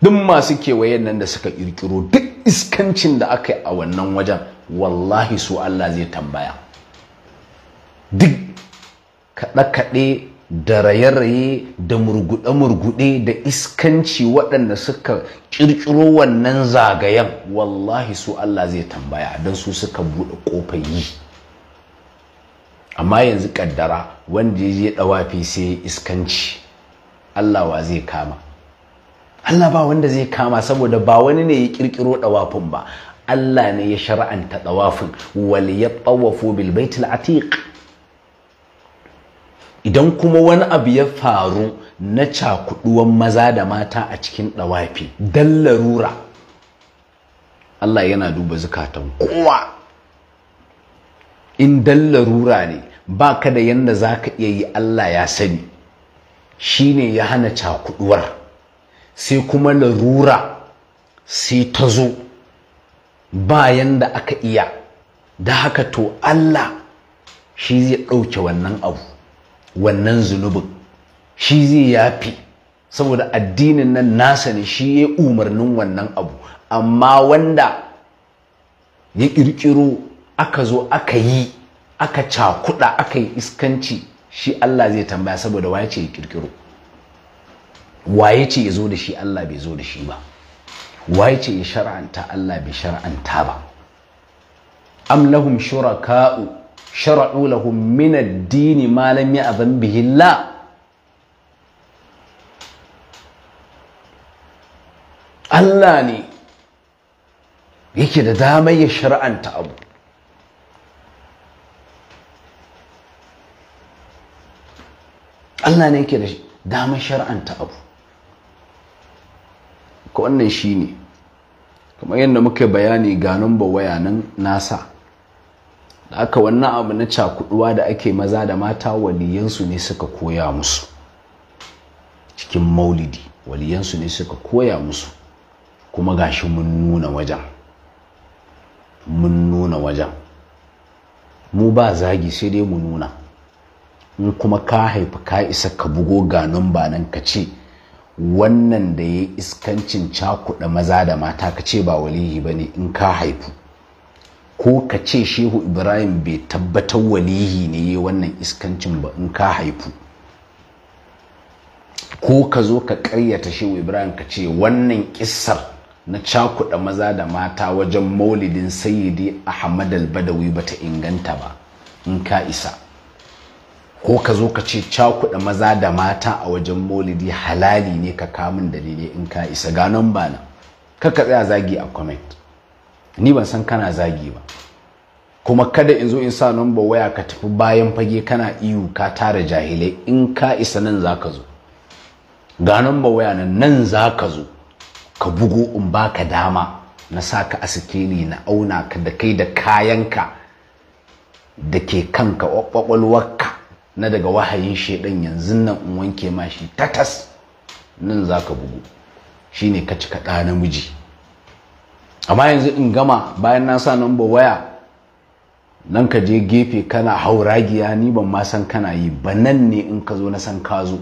duk masu kewaye nan da suka ƙirƙiro duk iskancin da aka yi a wannan wajen wallahi su Allah zai tambaya duk kaɗe-kaɗe da raye-raye da murguɗe-murguɗe da iskanci waɗanda suka ƙirƙiro wannan zagayen wallahi su Allah zai tambaya don su suka buɗe ƙofar yi amma yanzu ƙaddara wanda ya je ɗawafi sai iskanci Allah wa zai kama Allah ba wanda zai kama saboda ba wani ne ya ƙirƙiro ɗawafin ba Allah ne ya shara'anta ɗawafin wal yatawafu bil baitil atiq idan kuma wani abu ya faru na cakuduwan maza da mata a cikin ɗawafi, dan larura Allah yana duba zukatan kowa in dan larura ne ba ka da yanda za ka iya yi Allah ya sani shi ne ya hana cakuduwar sai kuma larura sai ta zo bayan da aka iya da haka to Allah shi zai ɗauke wannan abu wannan zunubin shi zai yafi saboda addinin nan nasa ne shi ya umarnin wannan abu amma wanda ya ƙirƙiro aka zo aka yi aka cakuɗa aka yi iskanci shi Allah zai tambaya saboda waye ce ya ƙirƙiro waye ce ya zo da shi Allah bai zo da shi ba waye ce ya shar'anta Allah bai shar'anta ba am lahum shuraka'u shara'u lahum min ad-din ma lam ya'zan bihi Allah Allah ne yake da damar ya shar'anta abu Allah ne yake da damar shar'anta abu ka wannan shi ne kamar yadda muka bayani ga numba waya nan nasa da aka wannan abu na cakuduwa da ake maza da mata waliyansu ne suka koya musu cikin maulidi waliyansu ne suka koya musu kuma gashi mun nuna wajen mun nuna wajen mu ba zagi sai dai mu nuna in kuma ka haifi ka isa ka bugo ga numba nan ka ce wannan da ya iskancin cakuɗa maza da mata ka ce ba walihi ba ne in ka haifu ko ka ce shehu ibrahim bai tabbatar walihi ne ya wannan iskancin ba in ka haifu ko ka zo ka karyata shehu ibrahim ka ce wannan kisar na cakuɗa maza da mata wajen maulidin sayyidi ahmad Badawi ba ta inganta ba in ka isa ko ka zo ka ce cakuɗa maza da mata a wajen molidi halali ne ka kamun dalilai in ka isa ganon ba nan kaka tsaya zagi a comment ni ban san kana zagi ba kuma kada in zo in sa number waya ka tafi bayan fage kana iyu ka tara jahilai in ka isa nan za ka zo ga number waya nan nan za ka zo ka bugu in ba ka dama na sa ka sikini na auna ka da kai da kayanka da ke kanka kwakwalwarka na daga wahayin shedan yanzu nan in wanke ma shi tatas nan za ka bugu shine ka cika ɗa namiji amma yanzu in gama bayan na sa namba waya nan ka je gefe kana hauragiya ni ban ma san kana yi ba nan ne in ka zo na san ka zo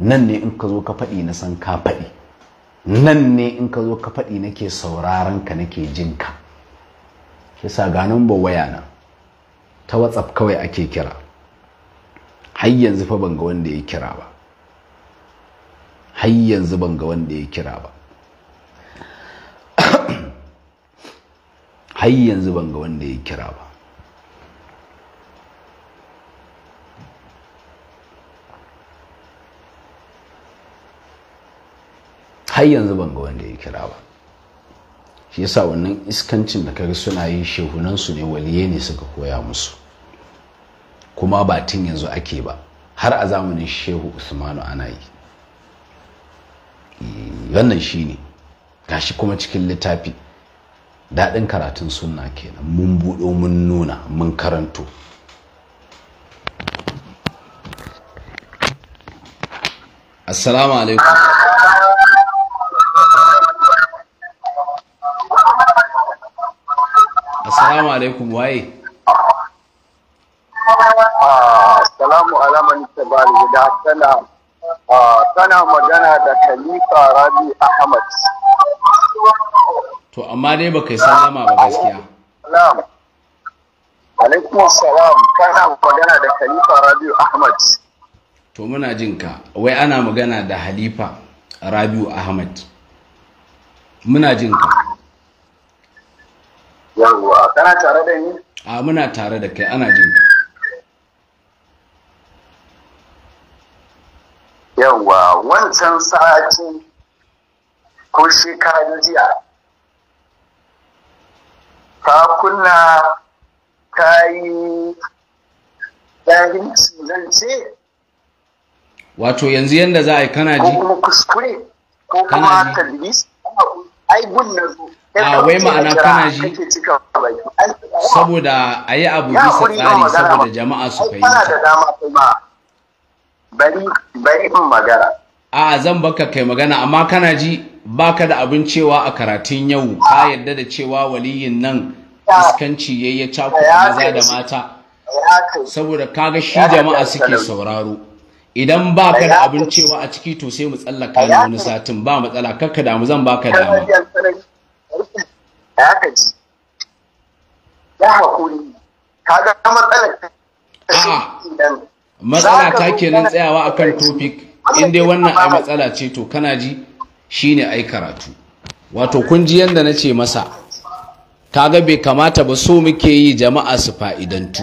nan ne in ka zo ka faɗi na san ka faɗi nan ne in ka zo ka faɗi nake sauraron ka nake jin ka kisa ga namba waya na ta whatsapp kawai ake kira har yanzu fa ban ga wanda ya kira ba har yanzu ban ga wanda ya kira ba har yanzu ban ga wanda ya kira ba har yanzu ban ga wanda ya kira ba shi yasa wannan iskancin da kaga suna yi shehunansu ne waliye ne suka koya musu kuma ba tun yanzu ake ba har a zamanin shehu usmanu ana yi eh, wannan shi ne gashi kuma cikin littafi daɗin karatun suna kenan mun buɗo mun nuna mun karanto assalamu alaikum assalamu alaikum waye salamu ala man tabari da tana tana magana da Khalifa Rabi Ahmad to amma dai kai salama ba gaskiya na'am alaikum salam kana magana da Khalifa Rabi Ahmad to muna jin ka wai ana magana da Halifa Rabi Ahmad muna jin ka yawwa kana tare da ni a muna tare da kai ana jin ka yawa wancan sati ko shekaru jiya ta kunna ta yi jahilci zan ce wato yanzu yadda za a yi kana ji ko kuma kuskure ko kuma talbis ai gun na zo a wai ma'ana kana ji saboda a yi abu bisa tsari saboda jama'a su fahimta bari in magana a zan baka kai magana amma kana ji baka da abin cewa a karatun yau ka yadda da cewa waliyin nan iskanci yayi ya cakuɗa maza da mata saboda kaga shi jama'a suke sauraro idan ba ka da abin cewa a ciki to sai mu tsallaka na wani satin ba matsala kakka damu zan baka dama ya hakuri kaga matsalar matsala ta kenan tsayawa akan topic in dai wannan ai matsala ce to kana ji shine ai karatu wato kun ji na ce masa kaga bai kamata ba so muke yi jama'a su fa'idantu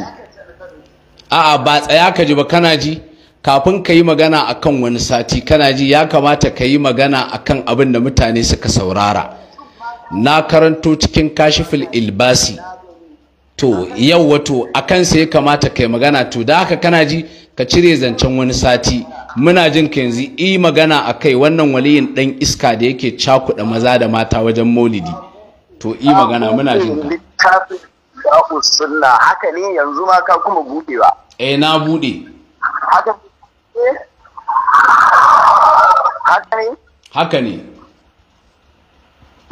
a'a ba tsaya ka ji ba kana ji kafin ka yi magana akan wani sati kana ji ya kamata ka yi magana akan abin da mutane suka saurara na karanto cikin kashiful ilbasi to yau wato akan sai kamata ka yi magana to da haka kana ji ka cire zancen wani sati muna jin ka yanzu yi magana a kai wannan waliyin ɗan iska da yake cakuɗa maza da mata wajen maulidi to yi magana muna jin ka haka ne yanzu ma ka kuma ba. eh na buɗe haka ne haka ne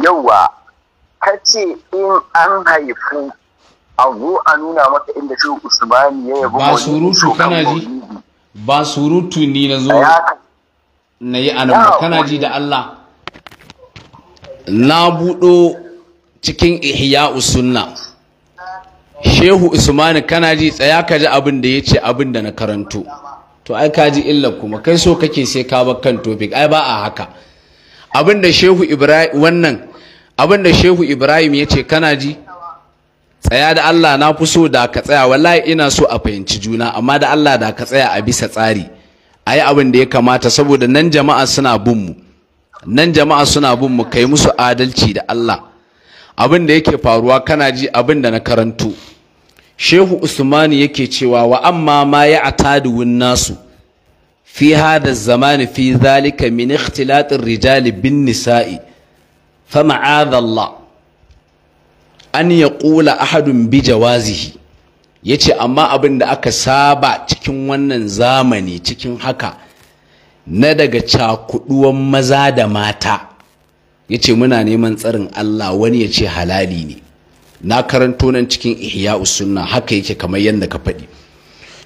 yauwa ka ce in an haifu a zo a nuna maka inda shi usmani ya yabo ba surutu kana ji ba surutu ni na zo na yi anan ba kana ji da Allah na buɗo cikin ihya usunna shehu usmani kana ji tsaya ka ji abin da ya ce abin da na karanto to ai ka ji illa kuma kai so kake sai ka bar kan topic ai ba a haka abin da shehu ibrahim wannan abin da shehu ibrahim ya ce kana ji tsaya da Allah na fi so da ka tsaya wallahi ina so a fahimci juna amma da Allah da ka tsaya a bisa tsari a yi abin da ya kamata saboda nan jama'a suna bin mu nan jama'a suna bin mu kai musu adalci da Allah abin da yake faruwa kana ji abin da na karanto shehu usmani yake cewa wa amma ma ya wun nasu fi hada zamani fi zalika min ikhtilatir rijali bin nisa'i fa ma'adallah an ya ƙula ahadun bi jawazihi ya ce amma abin da aka saba cikin wannan zamani cikin haka na daga cakuduwan maza da mata ya ce muna neman tsarin Allah wani ya ce halali ne na karanto nan cikin ihya sunna haka yake kamar yadda ka faɗi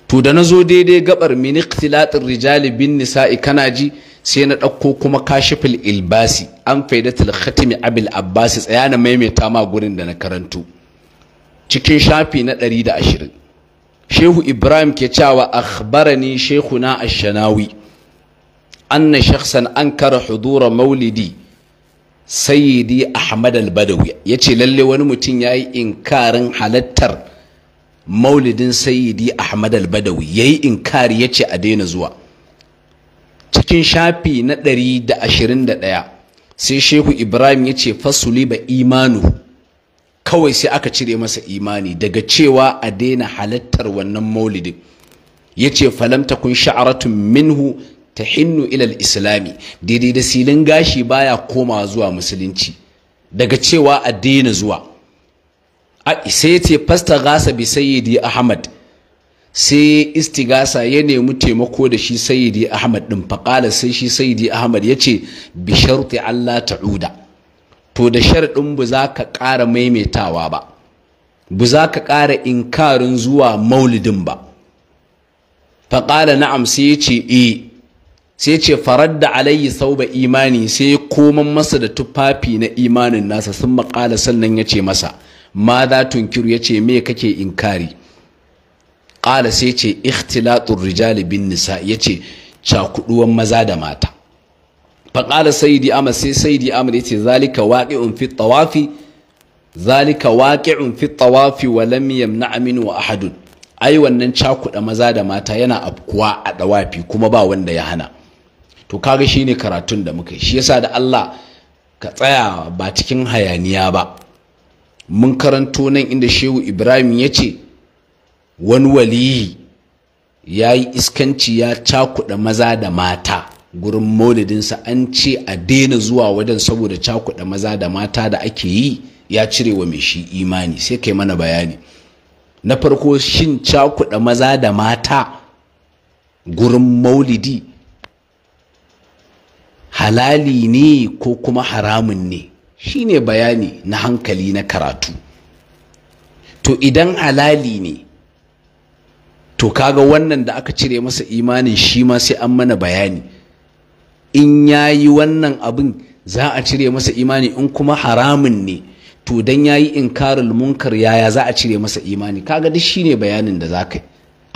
to da na zo daidai gabar mini rijali bin nisa'i kana ji sai na ɗauko kuma kashifil ilbasi an faidatul khatimi abil abbasi tsaya na maimaita ma gurin da na karantu. cikin shafi na ɗari da ashirin shehu ibrahim ke cewa akhbarani shehuna ashanawi anna shakhsan ankara hudura maulidi sayidi ahmad al-badawi ce lalle wani mutum ya yi inkarin halattar maulidin Sayidi ahmad al-badawi yayi inkari ce a daina zuwa cikin shafi na 121 sai shehu ibrahim ya ce fasuli ba imanu kawai sai aka cire masa imani daga cewa a daina halittar wannan maulidin ya ce falamta kun sha'aratun minhu ta hinnu ilal islami daidai da silin gashi baya koma zuwa musulunci daga cewa a daina zuwa sai ya ce fasta gasa bi sayyidi ahmad sai istigasa ya nemi taimako da shi sayidi ahmad din faƙala sai shi sayidi ahmad ya ce bi sharti allah ta'uda to da sharɗin bu za ka ƙara maimaitawa ba bu za ka ƙara inkarin zuwa maulidin ba faƙala na'am sai ya ce e sai ce farar da alayyi sau ba imani sai ya koman masa da tufafi na imanin nasa sun maƙala sannan ya ce masa ma za tunkiru ya ce me kake inkari ƙala sai ce ikhtilatun rijali bin nisa ya ce cakuduwan maza da mata faƙala sayidi amar sai sayidi amar ya ce zalika waƙi'un fi tawafi zalika waƙi'un fi tawafi wa lam na aminu wa ahadun ai wannan cakuɗa maza da mata yana afkuwa a ɗawafi kuma ba wanda ya hana to kaga shine karatun da muka yi shi yasa da Allah ka tsaya ba cikin hayaniya ba mun karanto nan inda shehu Ibrahim ya ce wani waliyi ya yi iskanci ya cakuɗa maza da mata gurin maulidinsa an ce a daina zuwa wajen saboda cakuɗa maza da mata da ake yi ya cire wa mai shi imani sai kai mana bayani na farko shin cakuɗa maza da mata gurin maulidi halali ne ko kuma haramun ne shi ne bayani na hankali na karatu to idan halali ne to kaga wannan da aka cire masa imanin shi ma sai an mana bayani in ya yi wannan abin za a cire masa imani in kuma haramun ne to dan yayi inkarul munkar yaya za a cire masa imani kaga duk shine bayanin da za ka yi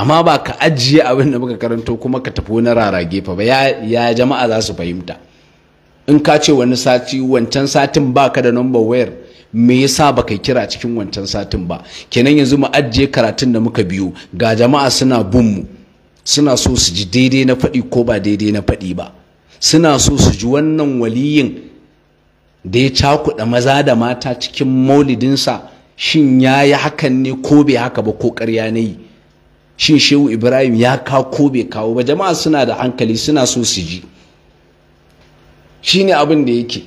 amma ba ka ajiye abin da muka karanto kuma ka tafi wani rara fa ba ya jama'a za su fahimta in ka ce wani sati wancan satin baka da number wayar me yasa baka kira cikin wancan satin ba kenan yanzu mu ajiye karatun da muka biyo ga jama'a suna bin mu suna so su ji daidai na faɗi ko ba daidai na faɗi ba suna so su ji wannan waliyin da ya cakuɗa maza da mata cikin maulidinsa shin ya yi hakan ne ko bai haka ba ko ƙarya na yi shin shehu ibrahim ya kawo ko bai kawo ba jama'a suna da hankali suna so su ji shine abin da yake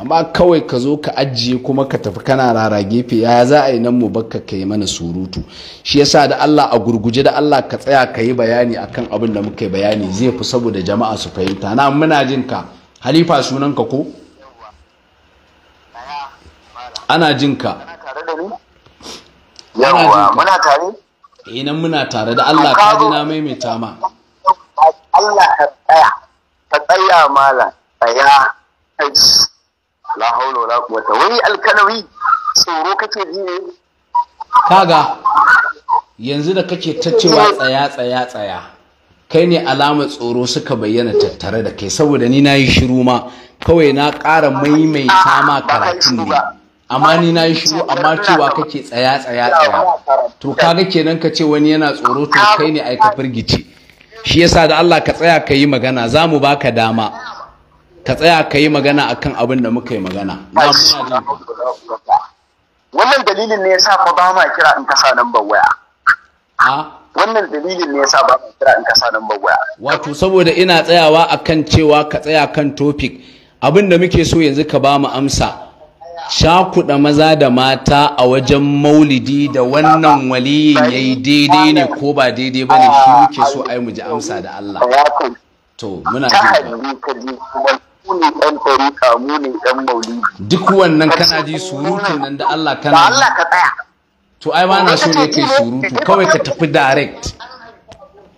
amma kawai ka zo ka ajiye kuma ka tafi kana rara gefe ya za a yi nan mu bakka ka yi mana surutu shi yasa da Allah a gurguje da Allah ka tsaya ka yi bayani akan abin da muka yi bayani zai fi saboda jama'a su fahimta na muna jin ka halifa sunan ka ko ana jin ka yawa muna tare eh nan muna tare da Allah ka ji na maimaita ma Allah ka tsaya ka tsaya mala tsaya la kaga yanzu da kake ta cewa tsaya tsaya tsaya kai ne alamar tsoro suka bayyana tattare da kai saboda ni na yi shiru ma kawai na ƙara maimaita ma karatun ne amma ni na yi shiru amma cewa kake tsaya tsaya tsaya to kaga kenan ka ce wani yana tsoro to kai ne aika firgici shi yasa da Allah ka tsaya ka yi magana za mu baka dama ka tsaya ka yi magana akan abin da muka yi magana na muna wannan dalilin ne yasa fa ba ma kira in kasa ba waya wannan dalilin ne yasa ba ma kira in kasa ba waya wato saboda ina tsayawa akan cewa ka tsaya kan topic abin da muke so yanzu ka ba mu amsa shakuɗa maza da mata a wajen maulidi da wannan waliyin ya yi daidai ne ko ba daidai ba ne shi muke so ai mu ji amsa da Allah to muna jin ɗan mu ne ɗan maulidi duk wannan kana ji surutu nan da Allah kana Allah ka tsaya to ai ma na so ne kai surutu kawai ka tafi direct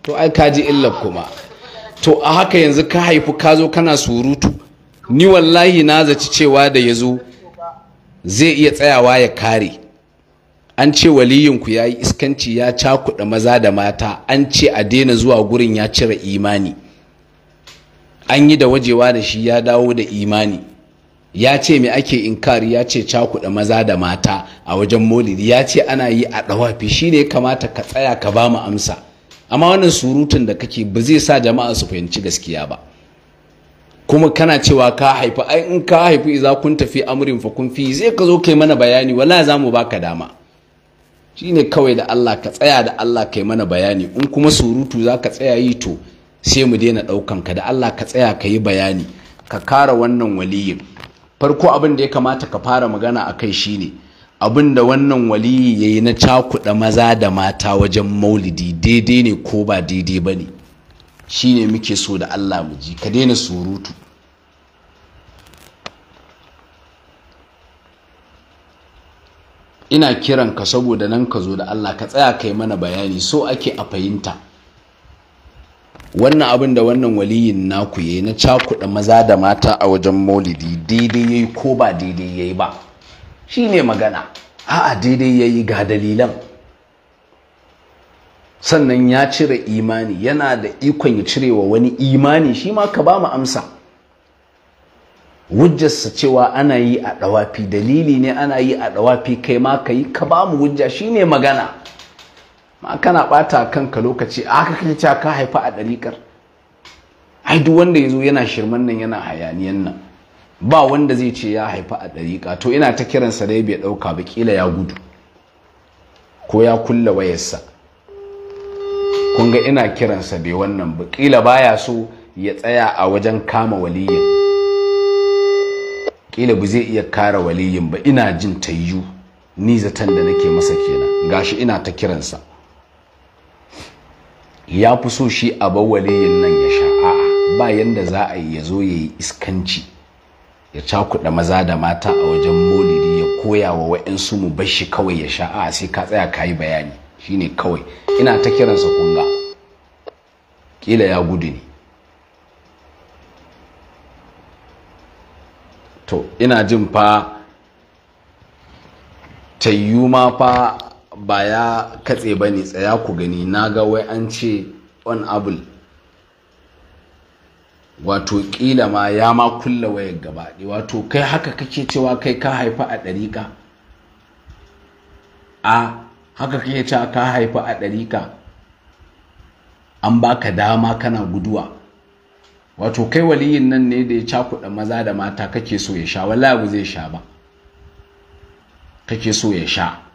to ai ka ji illar kuma to a haka yanzu ka haifi ka zo kana surutu ni wallahi na zaci cewa da ya zo zai iya tsayawa ya kare an ce waliyinku ya yi iskanci ya cakuɗa maza da mata an ce a daina zuwa gurin ya cire imani an yi da wajewa da shi ya dawo da imani ya ce me ake inkari ya ce cakuɗa maza da mata a wajen molidi ya ce ana yi a ɗawafi shi ne kamata ka tsaya ka ba mu amsa amma wannan surutun da kake ba zai sa jama'a su fahimci gaskiya ba kuma kana cewa ka haifi ai in ka haifi za kun tafi amurin fa kun fi zai ka zo kai mana bayani wala za mu baka dama shine kawai da Allah ka tsaya da Allah kai mana bayani in kuma surutu za ka tsaya yi to sai mu daina ɗaukan ka da Allah ka tsaya ka yi bayani ka kara wannan waliyin farko abin da ya kamata ka fara magana a kai shine abin da wannan waliyi ya yi na cakuɗa maza da mata wajen maulidi daidai ne ko ba daidai ba ne Shi ne muke so da Allah mu ji ka daina surutu ina kiran ka saboda nan ka zo da Allah ka tsaya kai mana bayani so ake a fahimta wannan abin da wannan waliyin naku yayi na cakuɗa maza da mata a wajen maulidi daidai ya yi ko ba daidai ya yi ba Shi ne magana a'a daidai ya yi ga dalilan sannan ya cire imani yana da ikon ya cire wa wani imani shi ma ka ba mu amsa Wujjarsa cewa ana yi a ɗawafi dalili ne ana yi a ɗawafi kai ma ka yi ka ba mu shi ne magana ma kana bata kanka lokaci a haka kake cewa ka haifa a ɗariƙar ai duk wanda ya zo yana shirman nan yana hayaniyan nan ba wanda zai ce ya haifa a ɗariƙa to ina ta kiransa dai bai ɗauka ba kila ya gudu ko ya kulla wayarsa kun ga ina kiransa bai wannan ba kila baya so ya tsaya a wajen kama waliyin ƙila bu zai iya kare waliyin ba ina jin tayyu ni zaton da nake masa kenan gashi ina ta kiransa ya fi so shi a bawaliyin nan ya sha bayan ba yanda za a yi ya zo ya yi iskanci ya cakuɗa maza da mata a wajen molidi ya koya wa wa'yansu mu bar shi kawai ya sha a sai ka tsaya ka yi bayani shine kawai ina ta kiransa kunga kila ya gudu ne to ina jin fa yi ma fa ba ya katse ba ne tsaya ku gani na ga wai an ce on abul wato kila ma ya ma kulla wayar gaba wato kai haka kake cewa kai ka haifa a ɗariƙa a haka kake cewa ka haifa a ɗariƙa an baka dama kana guduwa wato kai waliyin nan ne da ya cakuɗa maza da mata kake so ya sha wala zai sha ba kake so ya sha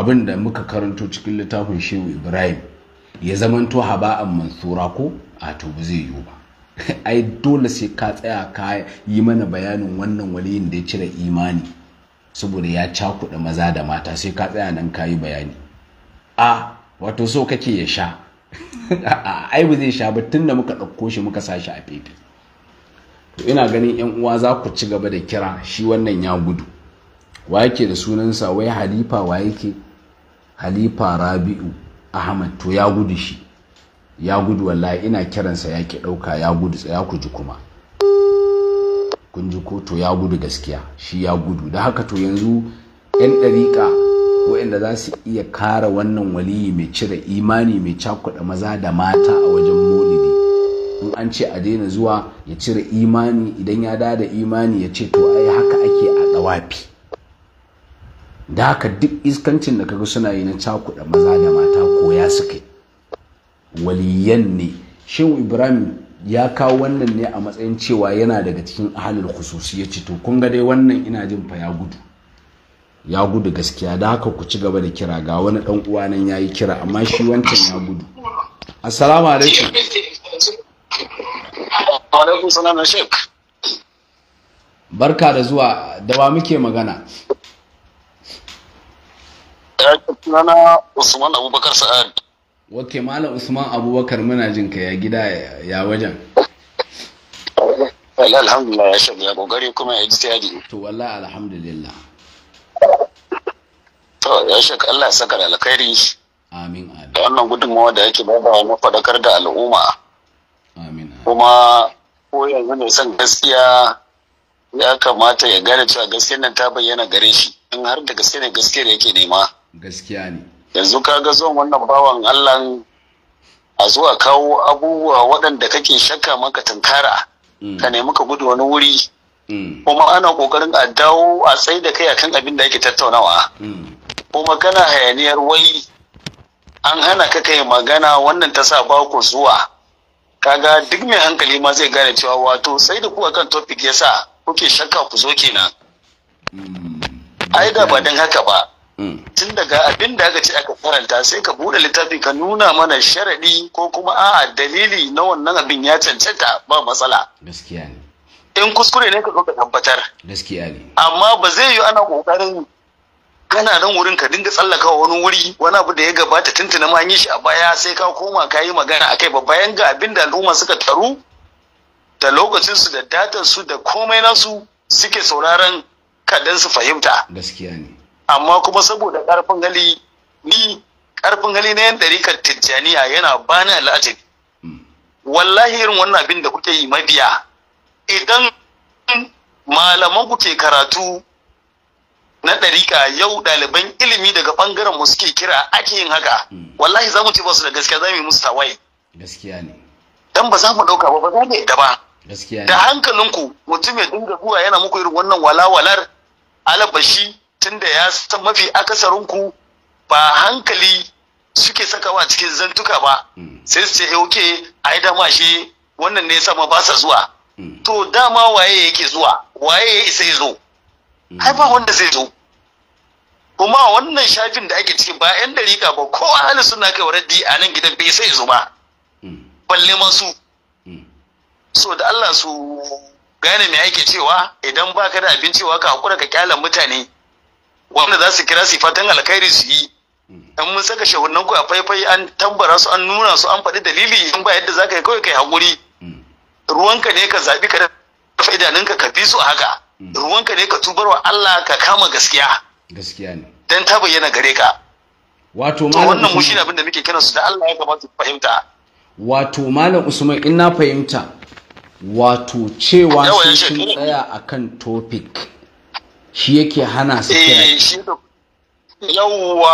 abin da muka karanto cikin littafin shehu ibrahim ya zamanto haba'an mansura ko a to ba zai yiwu ba ai dole sai ka tsaya ka yi mana bayanin wannan waliyin da ya cire imani saboda ya cakuɗa maza da mata sai ka tsaya nan ka yi bayani a wato so kake ya sha ai ba zai sha ba tun da muka ɗauko shi muka sa shi a fefe to ina ganin yan uwa za ku ci gaba da kira shi wannan ya gudu wa yake da sunansa wai halifa wa yake halifa rabi'u ahmad to ya gudu shi ya gudu wallahi ina kiransa ya ki ɗauka ya gudu tsaya ku ji kuma kun ji ko to ya gudu gaskiya shi ya gudu da haka to yanzu 'yan ɗariƙa waɗanda za su iya kara wannan waliyi mai cire imani mai cakuɗa maza da mata a wajen molidi in an ce a daina zuwa ya cire imani idan ya da imani ya ce to ai haka ake a ɗawafi da haka duk iskancin da kaga suna yi na cakuɗa maza da mata koya suke waliyan ne shehu ibrahim ya kawo wannan ne a matsayin cewa yana daga cikin ahalin khususi ya ce to kun ga dai wannan ina jin fa ya gudu ya gudu gaskiya da haka ku ci gaba da kira ga wani dan uwa nan yayi kira amma shi wancan ya gudu assalamu alaikum alaikum salam barka da zuwa da wa muke magana sunana Usman Abubakar Sa'ad. Wake Malam Usman Abubakar muna jin ka ya gida ya wajen. Wallahi alhamdulillah ya shabu ya kokari kuma ya ji To wallahi alhamdulillah. To ya shaka Allah ya saka da alkhairi. Amin amin. Da wannan gudunmawa da yake bayarwa na fadakar da al'umma. Amin. Kuma ko yanzu ne son gaskiya ya kamata ya gane cewa gaskiyar nan ta bayyana gare shi in har da gaske ne gaskiyar yake nema. gaskiya ne yanzu kaga zuwan wannan bawan Allah a zuwa kawo abubuwa waɗanda kake shakka maka tunkara mm. ka nemi ka gudu wani wuri mm. kuma ana kokarin a dawo a tsaye da kai akan abin da ake tattaunawa mm. kuma kana hayaniyar wai an hana ka kai magana wannan ta sa ba ku zuwa kaga duk mai hankali ma zai gane cewa wato sai da ku akan topic sa kuke shakka ku zo kenan ai da ba don haka ba tun daga abin da aka ce aka faranta sai ka bude littafi ka nuna mana sharaɗi ko kuma a'a dalili na wannan abin ya cancanta ba matsala gaskiya ne in kuskure ne ka ka tabbatar gaskiya ne amma ba zai yi ana kokarin kana nan wurin ka dinga tsallakawa wani wuri wani abu da ya gabata tuntuna ma yi shi a baya sai ka koma ka yi magana akai ba bayan ga abin da al'umma suka taru da lokacin su da datan su da komai nasu suke sauraron dan su fahimta gaskiya ne amma kuma saboda karfin hali ni karfin hali na yan dariƙar tijjaniya yana bani al'ajin wallahi irin wannan abin da kuke yi mabiya idan malaman kuke karatu na dariƙa yau ɗaliban ilimi daga ɓangaren mu suke kira ake yin haka wallahi za mu ci basu da gaskiya za mu yi musu tawaye gaskiya ne dan ba za mu ɗauka ba ba za mu yadda ba gaskiya ne da hankalinku mutum ya dinga zuwa yana muku irin wannan walawalar alabashi tunda ya san mafi akasarinku ba hankali suke sakawa cikin zantuka ba hmm. sai su ce eh, a yi dama shi wannan ne sama ba sa zuwa hmm. to dama waye yake zuwa waye ya isa ya zo hmm. ai ba wanda zai zo kuma wannan shafin da ake ciki ba yan dariƙa ba kowa hali suna kai wa raddi a nan gidan bai sai zo ba balle man su so da Allah su gane me ake cewa idan baka da abin cewa ka hakura ka kyalan mutane wanda za su kira sifatan fatan alkhairi su yi in hmm. mun saka shahunan ku a faifai an tabbara su an nuna su an faɗi dalili in ba yadda za ka yi kawai kai haƙuri hmm. ruwanka ne ka zaɓi ka dafa idanunka ka bi su a haka hmm. ruwanka ne ka tubar wa Allah ka kama gaskiya gaskiya ne dan ta bayyana gare ka wato malam wannan mu shine abin da muke kiransu da Allah ya kamata su fahimta wato malam Usman in na fahimta wato cewa sun tsaya akan topic shi yake hana su kira eh, yawwa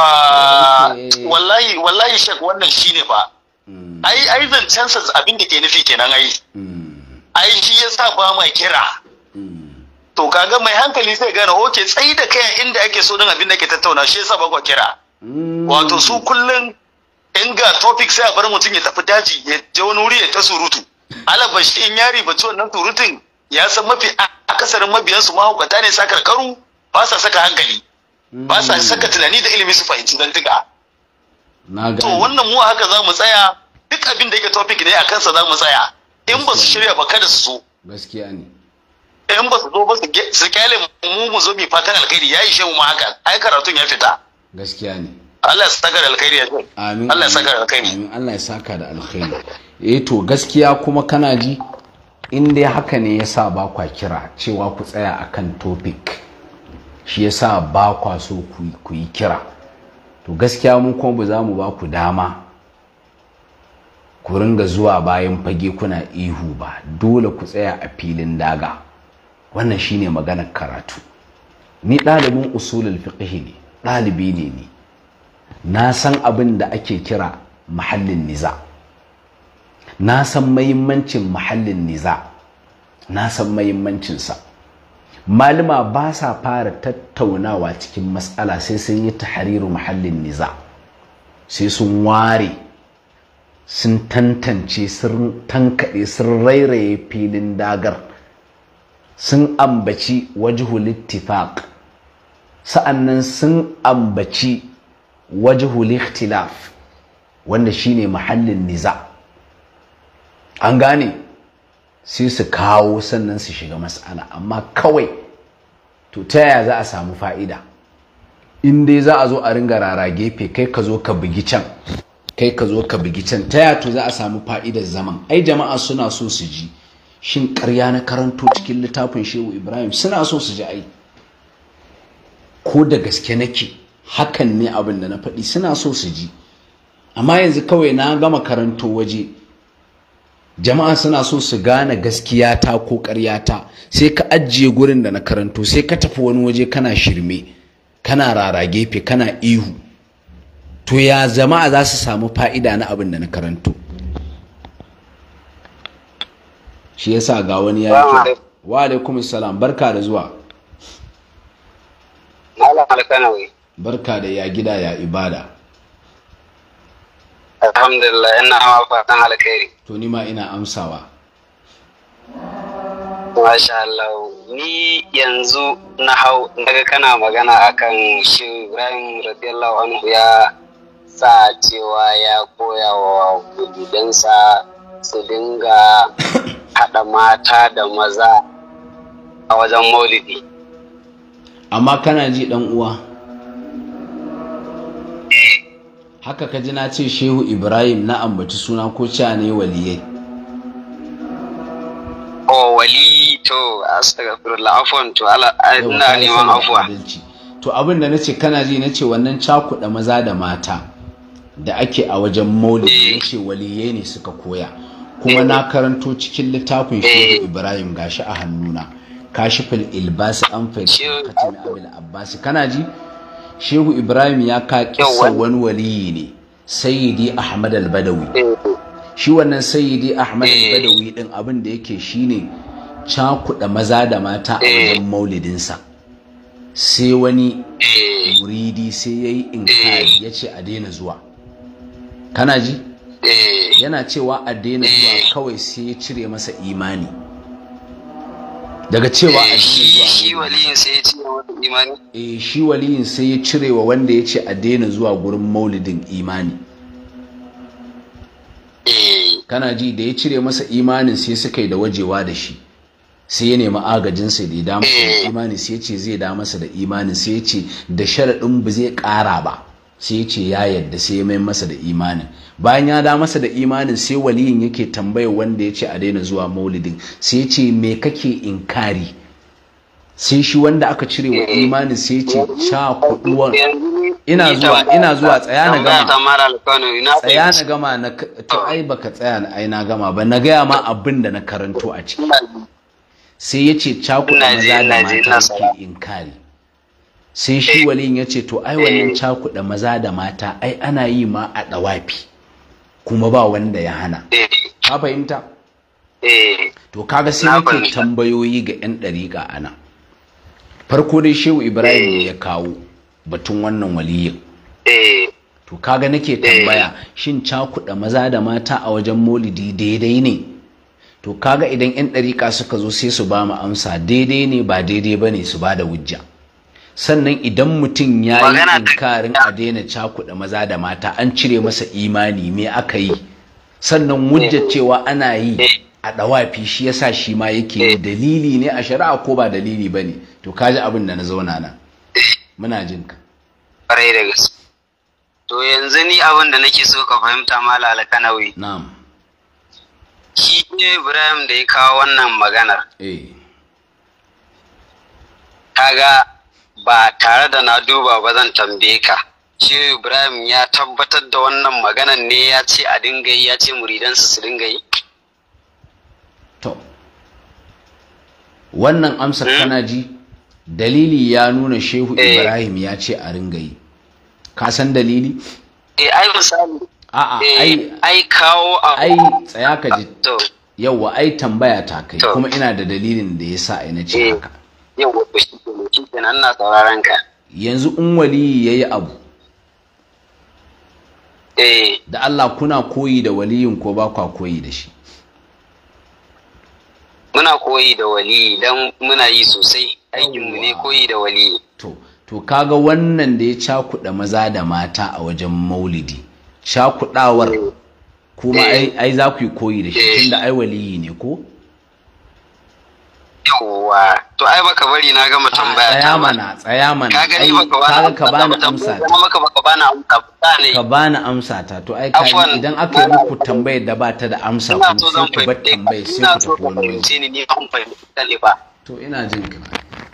wallahi wallahi shek wannan shine fa hmm. ai ai zancen abin da ke nufi kenan ai hmm. ai shi sa ba kira hmm. to kaga mai hankali sai gane oke tsayi da kai inda ake so din abin da ke tattauna shi yasa ba ku kira wato su kullun in ga topic sai a bar mutum ya tafi daji ya je wani wuri ya ta surutu alabashi in yari ba ci wannan surutun ya san mafi akasarin mabiyansu mahaukata ne karu ba sa saka hankali ba sa hmm. saka tunani da ilimi su fahimci zantuka to wannan mu haka za mu tsaya duk abin da yake topic ne a kansa za mu tsaya in ba su shirya ba kada su zo gaskiya ne in ba su zo ba su kyale mu mu zo mu fatan alkhairi yayi shehu ma haka ai karatun ya fita gaskiya ne Allah ya saka da alkhairi amin Allah ya saka da alkhairi amin Allah ya saka da alkhairi eh to gaskiya kuma kana ji in dai haka ne yasa ba kwa kira cewa ku tsaya a kan topic shi yasa ba kwa so ku yi kira to gaskiya mun kuma ba za mu ba ku dama ku ringa zuwa bayan fage kuna ihu ba dole ku tsaya a filin daga wannan shine maganar karatu ni ɗalibin usulul fiqh ne ɗalibi ne ni na san abin da ake kira mahallin niza' na san mahimmancin mahallin niza na san mahimmancinsa malama ba sa fara tattaunawa cikin matsala sai sun yi tahariru muhallin niza sai sun ware sun tantance sun tankaɗe sun rairaye filin dagar sun ambaci wajhul ittifaq sa'annan sun ambaci wajhul ikhtilaf wanda shine muhallin niza' an gane sai su kawo sannan su shiga mas'ala amma kawai to ta yaya za a samu fa'ida in dai za a zo a ringa rara gefe kai ka zo ka bugi can kai ka zo ka bugi can ta yaya to za a samu fa'idar zaman ai jama'a suna so su ji shin karya na karanto cikin littafin shehu ibrahim suna so su ji ai ko da gaske nake hakan ne abin da na faɗi suna so su ji amma yanzu kawai na gama karanto waje jama'a suna so su gane gaskiya ta ko ta sai ka ajiye gurin da na karanto sai ka tafi wani waje kana shirme kana rara gefe kana ihu to ya jama'a za su samu fa'ida na abin da na karanto shi yasa ga wani ya yi wa alaikum salam barka da zuwa barka da ya gida ya ibada alhamdulillah ina ma fatan alkhairi to ni ma ina amsawa Masha Allah, ni yanzu na hau daga kana magana akan shi Ibrahim radiyallahu anhu ya sa cewa ya koya wa gududansa su dinga haɗa mata da maza a wajen maulidi. Amma kana ji ɗan uwa? Eh, haka ka ji na ce shehu ibrahim na ambaci suna ko cewa ne waliyai o oh, wali to astaghfirullah afwan to ala ina neman afwa to abin da nace kana ji nace wannan cakuɗa maza da mata da ake a wajen maulidi eh. nace waliyai ne suka koya kuma na eh. karanto cikin littafin shehu eh. ibrahim gashi a hannuna kashifin ilbas an fa'il abbas kana ji shehu ibrahim ya ka kissa wani waliyi ne sayyidi ahmad al-badawi eh. shi wannan sayyidi ahmad eh. al-badawi din abin da yake shine cakuɗa maza da mata a eh. wajen maulidinsa sai wani muridi sai yayi yi inkari ya a daina zuwa kana ji yana cewa a daina zuwa kawai sai ya cire masa imani daga cewa eh, eh, shi waliyin sai ya cire wa wanda ya ce a daina zuwa gurin maulidin imani eh. kana ji da ya cire masa imanin sai suka yi da wajewa da shi sai ya nemi agajinsa da ya da da imani sai ya ce zai da masa da imanin sai ce da sharaɗin ba zai ƙara ba sai ce ya yadda sai ya mai masa da imanin bayan ya da masa da imanin sai waliyin yake tambaya wanda ya ce a daina zuwa maulidin sai ce me kake inkari sai shi wanda aka cire wa eh, imanin sai ce cha kuduwan ina zuwa tsaya na gama tsaya na gama na to ai baka tsaya na aina gama ba na gaya ma abin da na karanto a ciki sai ya ce cakuɗa maza da mata suke inkari sai shi eh. walin ya ce to ai wannan eh. cakuɗa maza da mata ai ana yi ma a ɗawafi kuma ba wanda ya hana eh. ka fahimta to kaga sai yake tambayoyi ga 'yan ɗariƙa a nan farko dai shehu ibrahim ya kawo batun wannan waliyin to kaga nake tambaya shin cakuɗa maza da mata a wajen molidi daidai ne to kaga idan 'yan ɗariƙa suka zo sai su ba mu amsa daidai ne ba daidai ba ne su ba da wujja sannan idan mutum ya yi inkarin a daina cakuɗa maza da mata an cire masa imani me aka yi sannan hujjar cewa ana yi eh. a ɗawafi shi ya sa shi ma yake eh. dalili ne a shari'a ko ba dalili ba ne to kaji abin da na zauna na eh. muna jin ka ƙwarai da to yanzu ni abin da nake so ka fahimta mala alkanawi na'am shi ne ibrahim da ya kawo wannan maganar kaga ba tare da na duba ba zan tambaye ka shi ibrahim ya tabbatar da wannan maganan ne ya ce a dinga yi ya ce muridansu su dinga yi to wannan amsar hmm? kana ji dalili ya nuna shehu eh. ibrahim ya ce a ringa yi ka san dalili eh ai misali a'a eh, ai ai kawo ai tsaya ka ji yawwa ai tambaya ta kai kuma ina da dalilin da yasa ai na ce eh, haka yawwa shi kenan na sauraron ka yanzu in waliyi yi abu eh da Allah kuna koyi da waliyin ko ba kwa koyi da shi muna koyi da wali don muna yi sosai aikinmu ne koyi da wali. to to kaga wannan da ya cakuɗa maza da mata a wajen maulidi cakuɗawar eh. kuma eh. ai za ku yi koyi da shi eh. tunda ai waliyi ne ko yawwa to ai baka bari na gama tambaya ta mana tsaya mana ka gani baka ka bani amsa ta maka baka bani amsa ta ka bani amsa ta to ai kai idan aka yi muku tambayar da ba ta da amsa ku sai ku bar tambayar sai ku tafi wani wuri ni ba to ina jin ka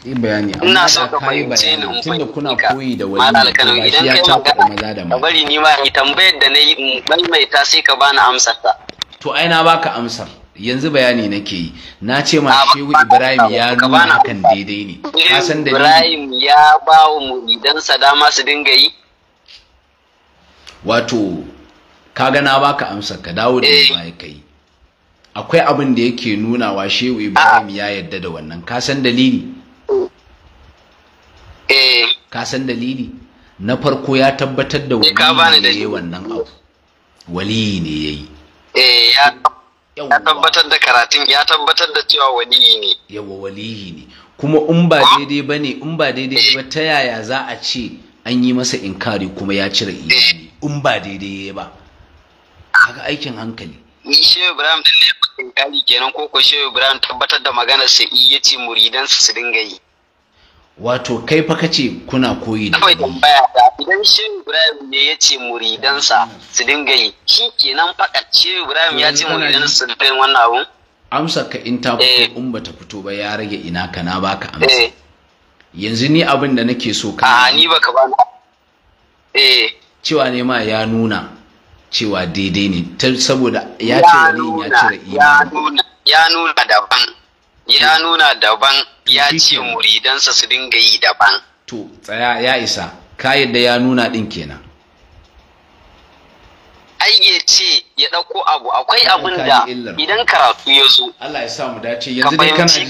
yi bayani amma da ka yi bayani da kuna koyi da wani mutum shi ya cakuɗa maza da ka bari ni ma tambayar da na yi maimaita sai ka bani amsar ta to ai na baka amsar yanzu bayani nake yi na ce ma shehu ibrahim ya nuna hakan daidai ne ka san da ibrahim ya ba wa muridansa dama su dinga yi wato ka ga na baka amsa ka dawo da eh. ya kai akwai abin da yake nuna wa shehu ibrahim ya yadda da wannan ka san dalili eh. ka san dalili na farko ya tabbatar da wani eh, ne wannan abu wali ne yayi eh ya ya tabbatar da karatun ya tabbatar da cewa walihi ne yawa walihi ne kuma in ba daidai ba ne in ba daidai ba eh. ta yaya za a ce an yi masa inkari kuma ya cire imani eh. in ba daidai ba haka aikin hankali ni shehu ibrahim da ne inkari kenan ko ko shehu ibrahim tabbatar da maganar sa iya ce muridansa su dinga yi wato kai fa kace kuna koyi da kawai idan shi Ibrahim ne ya ce muridansa su dinga yi shi kenan fakace Ibrahim ya ce muridansa su dinga yin wannan abun amsa ka in ta fito eh. in bata fito ba ya rage ina ka na baka amsa eh. yanzu ni abin da nake so ka a ni baka ba eh cewa ne ma ya nuna cewa daidai ne saboda ya ce wani ya cire imani ya nuna daban ya nuna daban ya ce muridansa su dinga yi daban to tsaya ya isa ka yadda ya nuna ɗin kenan ai ya ce ya ɗauko abu akwai abin da idan karatu ya zo Allah ya sa mu dace yanzu dai kana ji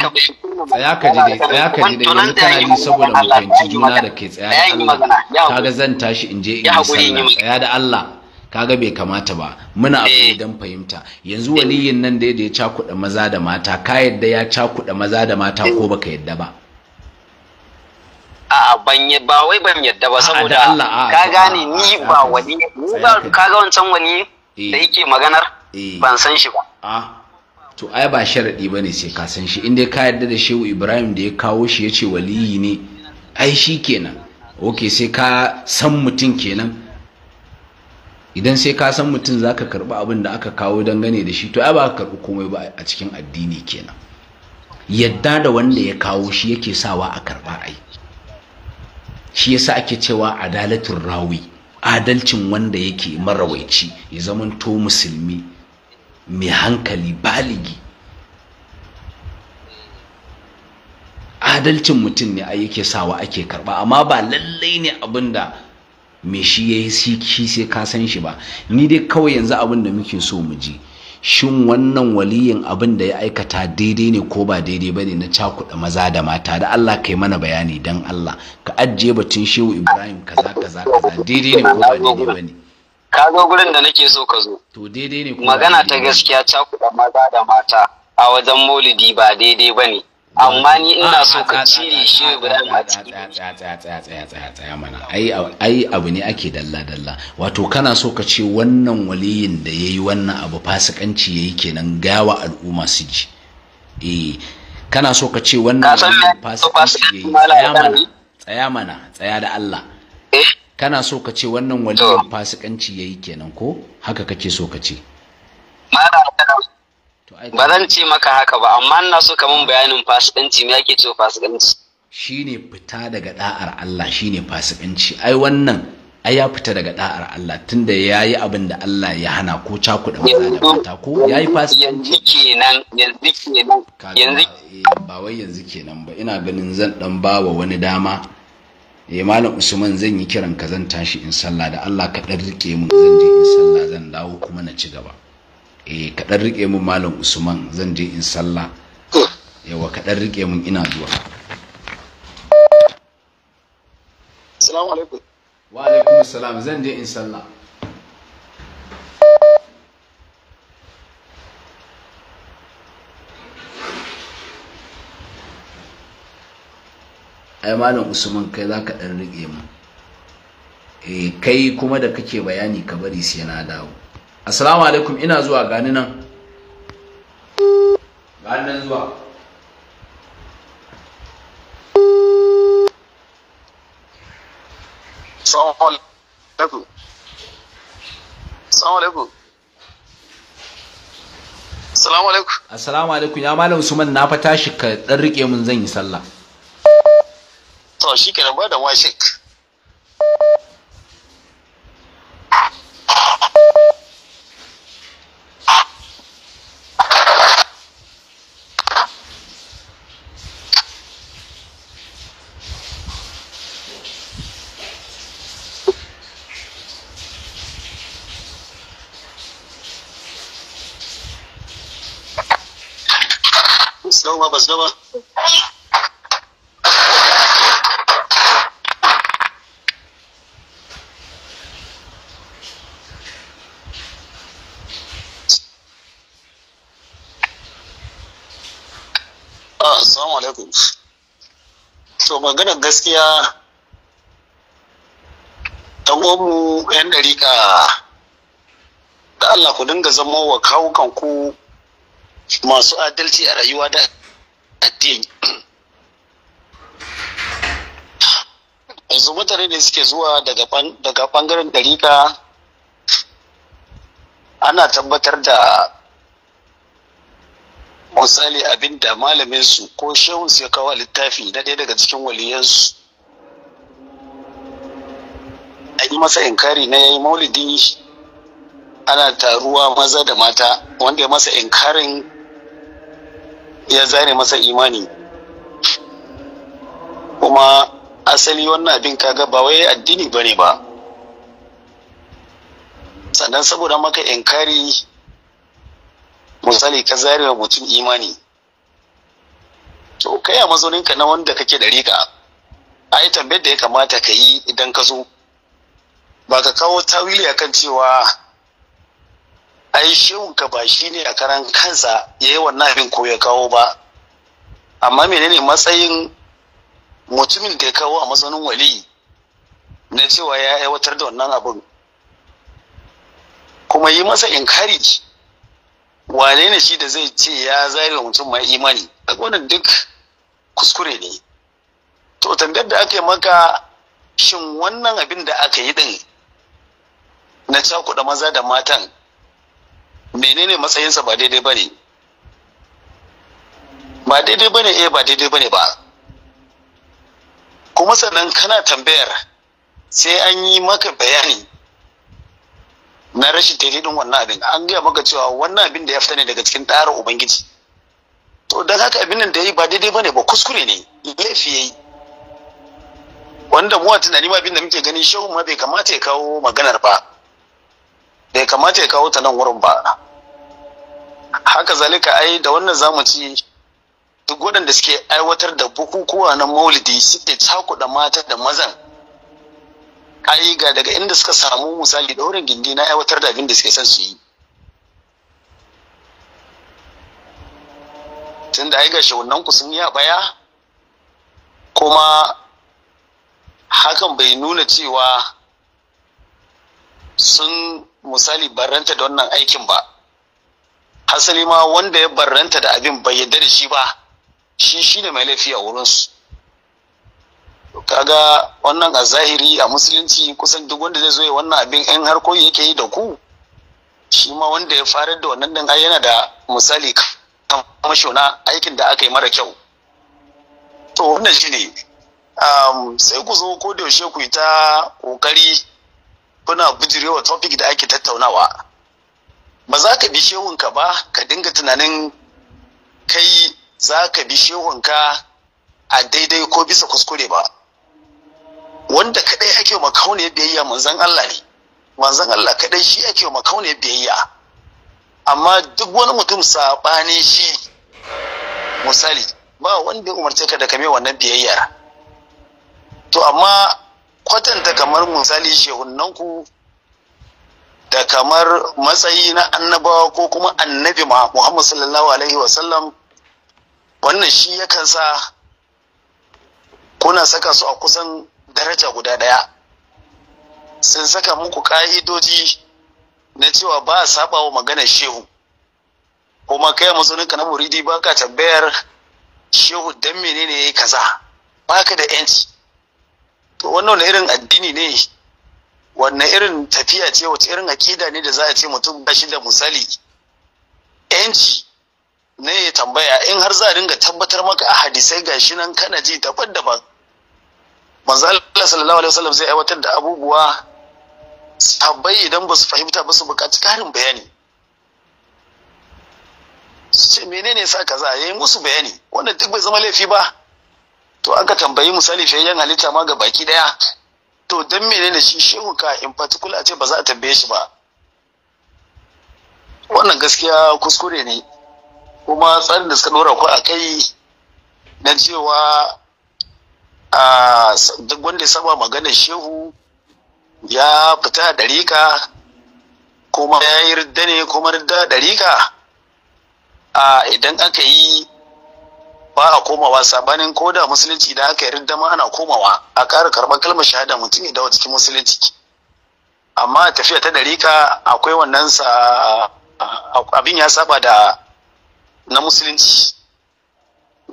tsaya ka ji dai tsaya ka ji dai yanzu kana ji saboda mu fahimci juna da ke tsaya Allah ga zan tashi in je in yi sallah tsaya da Allah kaga bai kamata ba muna eh. abu don fahimta yanzu waliyin nan da ya cakuɗa maza da mata ka yadda ya cakuɗa maza da mata ko eh. baka yadda ba a'a ban ba wai ban yadda ba saboda ka gane ni ba wani ni ba kaga wancan wani eh. da yake maganar ban san shi ba ah, to ai ba sharadi bane sai ka san shi inda ka yadda da Shehu Ibrahim da ya kawo shi yace waliyi ne ai shi kenan okay sai ka san mutum kenan idan sai ka san mutum za ka karɓi abin da aka kawo dangane da shi to ya ba ka karɓi komai ba a cikin addini kenan yadda da wanda ya kawo shi yake sawa a karɓa ai shi yasa ake cewa adalatun rawi adalcin wanda yake marawaici ya to musulmi mai hankali baligi adalcin mutum ne a yake sawa ake karɓa amma ba lallai ne abin da me shi yi shi sai ka san shi ba ni dai kawai yanzu abin da muke so mu ji shin wannan waliyin abin da ya aikata daidai ne ko ba daidai ba ne na cakuɗa maza da mata da Allah kai mana bayani dan Allah ka ajiye batun shehu Ibrahim kaza kaza kaza daidai ne ko ba daidai ba ne ka zo gurin da nake so ka zo to daidai ne magana ta gaskiya cakuɗa maza da mata a wajen maulidi ba daidai ba ne amma ni ina ah, so ah, ka ah, cire shi Ibrahim a ciki ai ai abu ne ake dalla dalla wato kana so ka ce wannan waliyin da yayi wannan abu fasikanci yayi kenan gawa al'umma su ji eh kana so ka ce wannan waliyin fasikanci yayi tsaya mana tsaya mana tsaya da Allah eh? kana so ka ce wannan waliyin fasikanci yayi kenan ko haka kake so ka ce mana ba zan ce maka haka ba amma ina so ka mun bayanin fasikanci me yake ce fasikanci shine fita daga da'ar Allah shine fasikanci ai wannan ai ya fita daga da'ar Allah tunda ya yi abin da Allah ya hana ko da maza da mata ko ya fasikanci kenan yanzu kenan yanzu eh, ba wai yanzu kenan ba ina ganin zan dan bawa wani dama E, malam Usman zan yi kiran ka zan tashi in sallah da Allah ka dan rike mu zan je in sallah zan dawo kuma na ci gaba eh kadan riƙe mun malam usman zan je in sallah yawa kadan riƙe mun ina zuwa Assalamu alaikum. Wa alaikum assalam zan je in sallah. ai malam usman kai za ka ɗan riƙe mu eh, kai kuma da kake bayani ka bari sai na dawo assalamu alaikum ina zuwa gani nan gani nan zuwa Assalamu alaikum. Assalamu alaikum. Assalamu alaikum. Ya Malam Usman na fa tashi ka dan rike mun zan yi sallah. To shikenan ba da wa shek. A'a, su ah, Assalamu alaikum. To maganar gaskiya ta gomu 'yan ɗarika da Allah ku dinga zama wa kawukan ku masu adalci a rayuwa da yanzu mutane ne suke zuwa daga bangaren dariƙa ana tabbatar da misali abin da su ko su ya kawo littafi na ɗaya daga cikin waliyansu a yi masa inkari na yayi maulidi ana taruwa maza da mata wanda ya masa inkarin ya zare masa imani kuma asali wannan abin kaga ba wai addini ba ne ba sannan saboda maka inkari misali ka zare wa mutum imani to kai a mazauninka na wanda kake da rika a yi tambayar da ya kamata ka yi idan ka zo ba ka kawo tawili akan cewa ai shehun ka ba shi ne a karan kansa ya yi wannan abin ko ya kawo ba amma menene matsayin mutumin da ya kawo a matsayin wali na cewa ya aiwatar da wannan abin kuma yi masa inkari wane ne shi da zai ce ya zare mutum mai imani wannan duk kuskure ne to tambayar da aka yi maka shin wannan abin da aka yi din na cakuɗa maza da matan menene matsayinsa ba daidai ba ne ba daidai ba ne eh ba daidai ba ne ba kuma sannan kana tambayar sai an yi maka bayani na rashin daidaitin wannan abin an gaya maka cewa wannan abin da ya fita ne daga cikin tsarin ubangiji to don haka abin nan da ya yi ba daidai ba ne ba kuskure ne laifi ya yi wanda muwa tunani ma abin da muke ganin shehu ma bai kamata ya kawo maganar ba Bai kamata ya kawo ta nan wurin ba haka zalika ai da wannan zamu ci duk waɗanda suke aiwatar da bukukuwa na maulidi suke cakuɗa mata da mazan ai ga daga inda suka samu misali ɗaurin gindi na aiwatar da abin da suke son su yi tun da ai ga ku sun yi a baya kuma hakan bai nuna cewa sun misali barranta da wannan aikin ba hasali ma wanda ya barranta da abin bai yarda da shi ba shi shine mai laifi a wurinsu kaga wannan a zahiri a musulunci kusan duk wanda zai zo ya wannan abin yan harkoki yake yi da ku shi ma wanda ya farar da wannan din yana da misali kan mashi aikin da aka yi mara kyau to wannan ne, sai ku zo ko da yaushe ku yi ta kokari kuna bijirewa topic da ake tattaunawa ba za ka bi shehunka ba ka dinga tunanin kai za ka bi shehunka a daidai ko bisa kuskure ba wanda kadai ake makauniyar biyayya manzon Allah ne manzon Allah kadai shi ake makauniyar biyayya amma duk wani mutum sabani shi misali ba wanda ya umarce ka da kame wannan biyayyar to amma kwatanta kamar misali shehunanku da kamar matsayi na annabawa ko kuma annabi ma Muhammad sallallahu alaihi wasallam wannan shi yakan sa kuna saka su a kusan daraja guda ɗaya sun saka muku ƙa'idoji na cewa ba a saba wa maganar shehu kuma kai musulunka na muridi ba ka tambayar shehu don menene ya yi kaza ba ka da yanci to wannan wani irin addini ne wannan irin tafiya ce wace irin akida ne da za a ce mutum ba shi da misali yanci ne ya tambaya in har za a dinga tabbatar maka a hadisai shi nan kana ji daban-daban manzo Allah sallallahu alaihi wasallam zai aiwatar da abubuwa sabai idan ba su fahimta ba su buƙaci karin bayani su ce menene sa kaza ya yi musu bayani wannan duk bai zama laifi ba to aka tambayi misali yan halitta ma ga baki daya to don menene shi shehu ka in particular ce ba za a tambaye shi ba wannan gaskiya kuskure ne kuma tsarin da suka dora ku a kai na cewa a duk wanda ya saba maganar shehu ya fita a ɗarika kuma ya yi ridda ne kuma ridda ɗarika a idan aka yi ba a komawa sabanin ko da musulunci da aka yi ma ana komawa a ƙara karɓar kalmar shahada mutum ya dawo cikin musulunci amma tafiya ta ɗarika, akwai wannan sa abin ya saba da na musulunci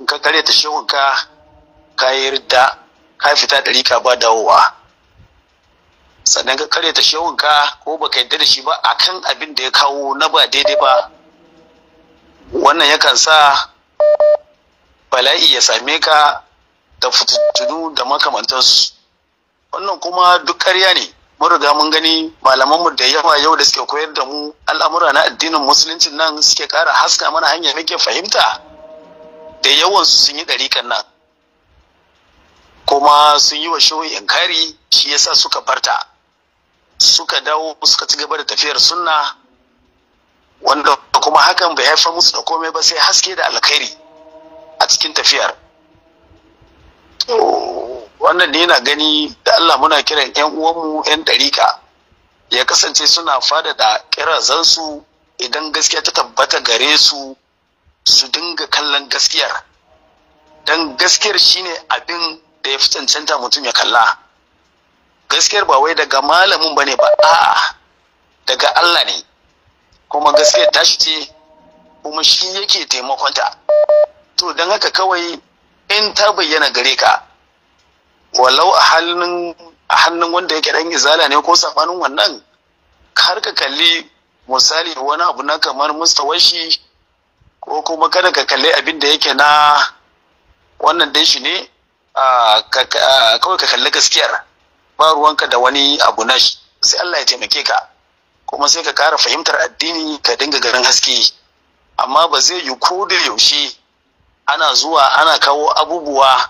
ka kare ta shehu ka ridda, ka fita ɗarika ba dawowa sannan ka kare ta shehunka ko baka yarda da shi ba akan abin da ya kawo na ba daidai ba wannan yakan sa bala'i ya same ka da fitattunu da makamantansu wannan kuma duk karya ne mun riga mun gani malamanmu da yawa yau da suke koyar da mu al'amura na addinin musuluncin nan suke ƙara haska mana hanyar muke fahimta da yawansu sun yi ɗarikan nan kuma sun yi wa shehu inkari shi yasa suka barta suka dawo suka ci gaba da tafiyar sunna wanda kuma hakan bai haifar musu da komai ba sai haske da alkhairi a cikin tafiyar wannan ne na gani da Allah muna kiran 'yan uwanmu 'yan ɗarika ya kasance suna da kirazansu idan gaskiya ta tabbata gare su su dinga kallon gaskiyar don gaskiyar shine abin da ya fi cancanta mutum ya kalla gaskiyar ba wai daga malamin ba ne ba a'a daga Allah ne kuma gaskiyar tashi ce kuma shi yake taimakonta to don haka kawai in ta bayyana gare ka walau a hannun wanda yake dan izala ne ko sabanin wannan kar ka kalli misali wani abu na kamar mustawashi ko kuma kada ka kalli abin da yake na wannan dai shi ne kawai ka kalli gaskiyar ba ruwanka da wani abu na shi sai Allah ya taimake ka kuma sai ka kara fahimtar addini ka dinga garin haske amma ba zai yi ko da yaushe ana zuwa ana kawo abubuwa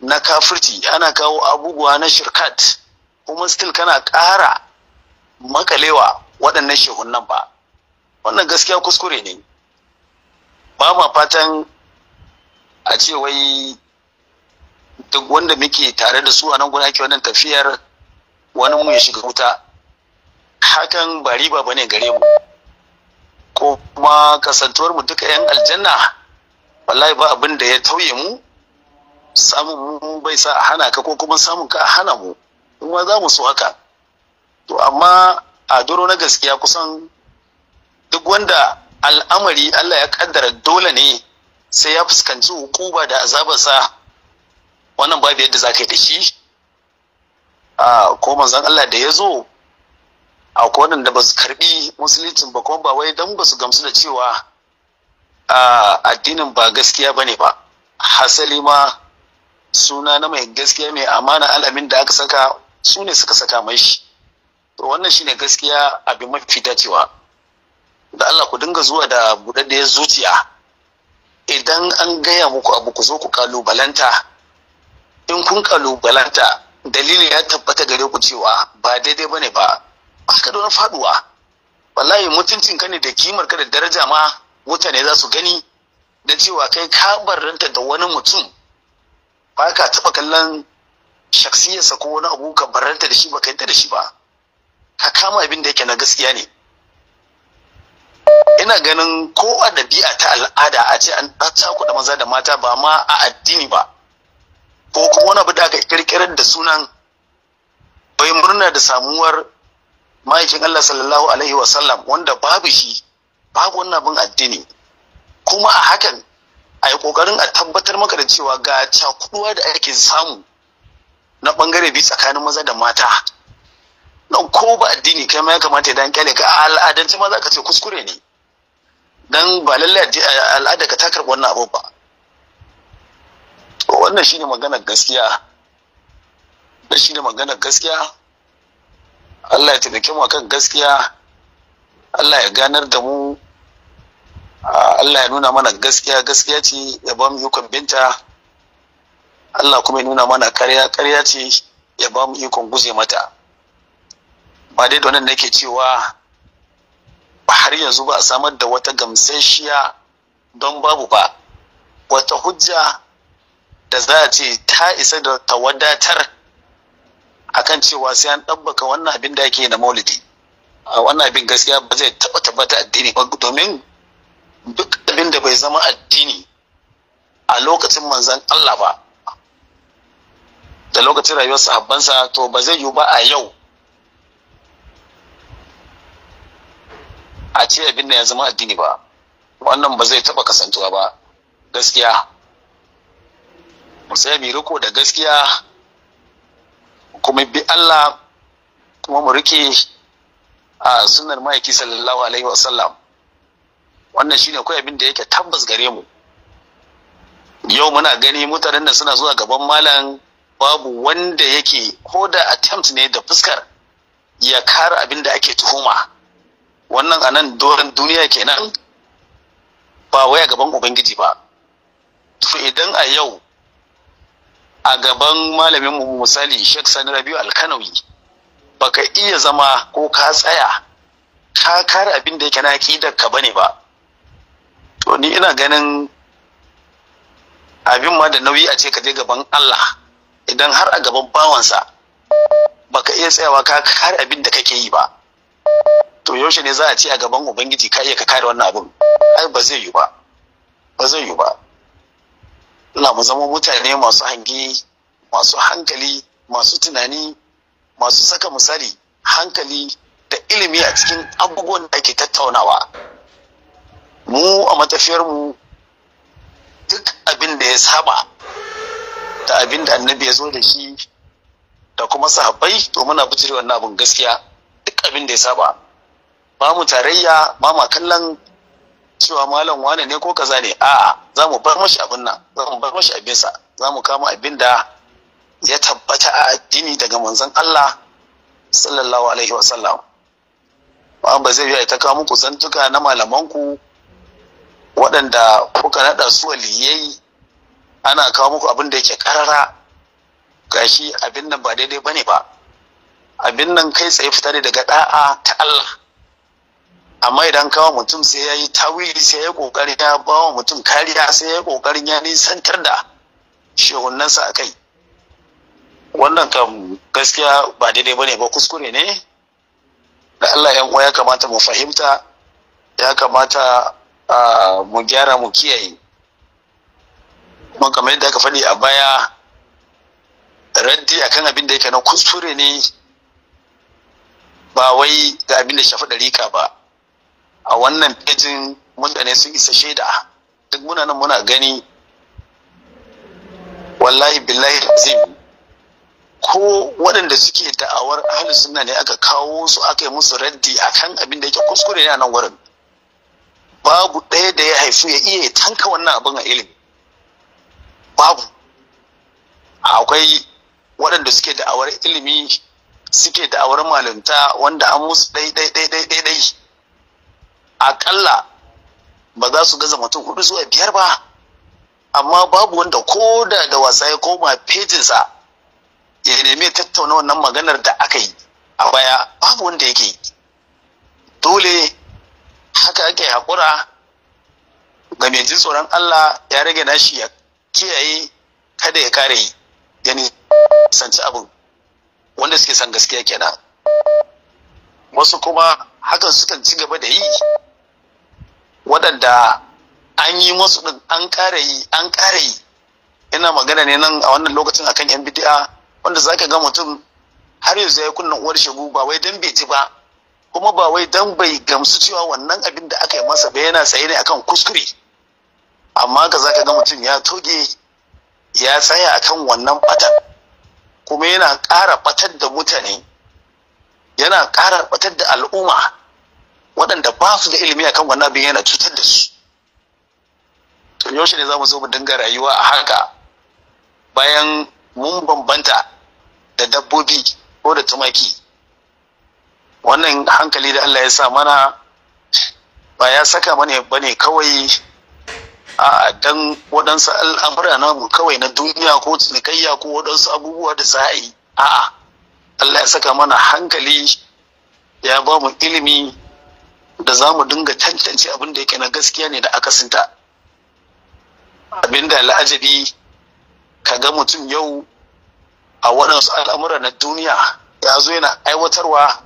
na kafirci ana kawo abubuwa na shirkat kuma still kana ƙara makalewa waɗannan shehunan ba wannan gaskiya kuskure ne ba ma fatan a ce wai duk wanda muke tare da su a nan guda ake wannan tafiyar wani mu ya shiga wuta hakan ba riba ba ne gare mu ko kuma kasantuwar mu duka 'yan aljanna wallahi ba abin da ya tauye mu samun mu bai sa a hana ka ko kuma samun ka a hana mu in ma za mu so haka to amma a doro na gaskiya kusan duk wanda al'amari Allah ya kaddara dole ne sai ya fuskanci hukuma da azabarsa wannan babu yadda za ka yi da shi a ko manzon Allah da ya zo a da ba su karbi musuluncin ba kuma ba wai don ba su gamsu da cewa addinin ba gaskiya bane ba hasali ma suna na mai gaskiya mai amana al'amin da aka saka su ne suka saka mai shi to wannan shine gaskiya abin mafi dacewa da Allah ku dinga zuwa da buɗaɗɗiyar zuciya idan an gaya muku abu ku zo ku kalubalanta in kun kalubalanta dalilin ya tabbata gare ku cewa ba daidai bane ba ba ka da wani faduwa wallahi mutuncin ka ne da kimar ka da daraja ma mutane za su gani na cewa kai ka barranta da wani mutum ba ka taɓa kallon shaksiyarsa ko wani abu ka barranta da shi ba ka yadda da shi ba ka kama abin da yake na gaskiya ne ina ganin ko a ɗabi'a ta al'ada a ce an da maza da mata ba ma a addini ba ko kuma wani abu da aka kirkirar da sunan bai murna da samuwar ma'aikin Allah sallallahu alaihi wasallam wanda babu shi babu wannan abin addini kuma a hakan a yi kokarin a tabbatar maka da cewa ga cakuduwa da ake samu na bangare biyu tsakanin maza da mata na ko ba addini kai ma ya kamata idan kyale ka al'adance ma za ka ce kuskure ne dan ba lallai al'ada ka ta wannan abu ba wannan shine maganar gaskiya da shine maganar gaskiya Allah ya taimake mu akan gaskiya Allah ya ganar da mu Allah ya nuna mana gaskiya gaskiya ce ya ba mu ikon binta Allah kuma ya nuna mana karya karya ce ya ba mu ikon guze mata ba dai da wannan nake cewa har yanzu ba a samar da wata gamsashiya don babu ba wata hujja da za a ce ta isa da ta wadatar kan cewa sai an ɗabbaka wannan abin da ake na maulidi a wannan abin gaskiya ba zai taɓa tabbata addini ba domin duk abin da bai zama addini a lokacin manzan Allah ba da lokacin rayuwar sahabbansa to ba zai yiwu ba a yau a ce abin da ya zama addini ba wannan ba zai taba kasantuwa ba gaskiya sai mu riko da gaskiya kuma bi Allah kuma mu rike a sunnar ma'aiki sallallahu alaihi wasallam wannan shine kawai abin da yake tabbas gare mu yau muna gani mutanen nan suna zuwa gaban malam babu wanda yake ko da attempt ne da fuskar ya kare abin da ake tuhuma wannan anan nan doron duniya kenan ba waya gaban ubangiji ba to idan a yau a gaban malamin mu misali Sheikh Sani Rabiu Alkanawi baka iya zama ko ka tsaya ka kare abin da yake na aqidar ka bane ba to ni ina ganin abin ma da nauyi a ce ka je gaban Allah idan har a gaban bawansa baka iya tsayawa ka kare abin da kake yi ba to yaushe ne za a ce a gaban ubangiji ka iya ka kare wannan abin ai ba zai yi ba ba zai yi ba ina mu zama mutane masu hangi masu hankali masu tunani masu saka misali hankali da ilimi a cikin abubuwan da ake tattaunawa mu a matafiyar mu duk abin da ya saba da abin da annabi ya zo da shi da kuma sahabbai to muna bijire wannan abin gaskiya duk abin da ya saba ba mu tarayya ba ma kallon cewa malam wane ne ko kaza ne a'a za mu bar mashi abin nan za mu bar mashi abin sa za mu kama abin da ya tabbata a addini daga manzon Allah sallallahu alaihi wasallam ba zai yi ta kawo muku zantuka na malamanku waɗanda kuka naɗa su waliyai ana kawo muku abin da yake karara gashi abin nan ba daidai bane ba abin nan kai tsaye fita ne daga ɗa'a. ta Allah amma idan kawo mutum sai ya yi tawili sai ya kokari ya ba wa mutum kariya sai ya ƙoƙarin ya nisantar da shehunansa a kai wannan kam gaskiya ba daidai bane ba kuskure ne da Allah yan uwa ya kamata mu fahimta ya kamata Ah, mu gyara mu kiyaye kuma kamar yadda aka faɗi a baya raddi akan abin da yake na kuskure ne ba wai ga abin da shafi ɗarika ba a wannan pejin mutane sun isa shaida duk muna nan muna gani wallahi billahi azim ko waɗanda suke da'awar hali sunna ne aka kawo su aka yi musu raddi akan abin da yake kuskure ne a nan wurin babu ɗaya da ya haifu ya iya tanka wannan abin a ilimi babu akwai waɗanda suke da'awar ilimi suke da'awar malinta wanda an musu ɗai ɗai ɗai ɗai ɗai ɗai aƙalla ba za su gaza mutum hudu zuwa biyar ba amma babu wanda ko da da wasa ya koma fejinsa ya nemi tattauna wannan maganar da aka yi a baya babu wanda yake yi dole haka ake haƙura ga mai jin tsoron Allah ya rage nashi ya kiyaye kada ya kare gani sanci abin wanda suke san gaskiya kenan wasu kuma hakan sukan ci gaba da yi waɗanda an yi musu ɗin an kare yi an kare yi ina magana ne nan a wannan lokacin akan yan bidi'a wanda zaka ga mutum har yanzu ya kunna uwar shegu ba wai dan bai ci ba kuma ba wai dan bai gamsu cewa wannan abin da aka yi masa ba yana tsaye ne akan kuskure amma ka zaka ga mutum ya toge ya tsaya akan wannan fatan kuma yana ƙara batar da mutane yana ƙara batar da al'umma waɗanda ba su da ilimi akan wannan abin yana cutar da su to yaushe ne za mu zo mu dinga rayuwa a haka bayan mun bambanta da dabbobi ko da tumaki wannan hankali da Allah ya sa mana ba ya saka mana bane kawai a dan waɗansu al'amura namu kawai na duniya ko cinikayya ko waɗansu abubuwa da za a yi a'a Allah ya saka mana hankali ya ba mu ilimi da za mu dinga tantance abin da yake na gaskiya ne da akasinta abinda al'ajabi ka ga mutum yau a waɗansu al'amura na duniya ya zo yana aiwatarwa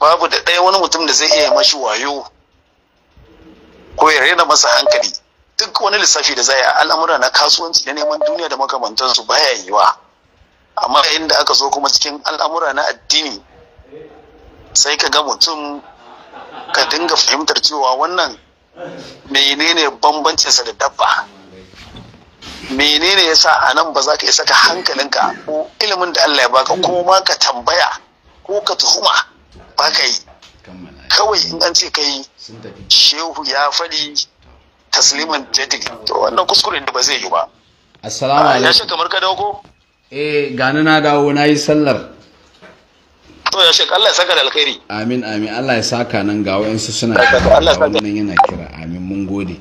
babu da ɗaya wani mutum da zai iya mashi wayo ko ya rena masa hankali duk wani lissafi da zai a al'amura na kasuwanci na neman duniya da makamantansu baya yiwa amma inda aka zo kuma cikin al'amura na addini sai ka ga mutum ka dinga fahimtar cewa wannan menene sa da dabba menene yasa a nan ba za ka iya saka hankalinka ko ilimin da Allah ya baka ko ma ka tambaya ko ka tuhuma ba ka yi kawai in an ce ka yi shehu ya faɗi tasliman jadid wannan kuskure da ba zai yi ba assalamu ah, alaikum ya shi kamar ka dawo eh gani na dawo na yi sallar to ya shi Allah ya saka da alkhairi amin amin Allah ya saka nan ga wayansu suna Allah ya saka yana kira amin mun gode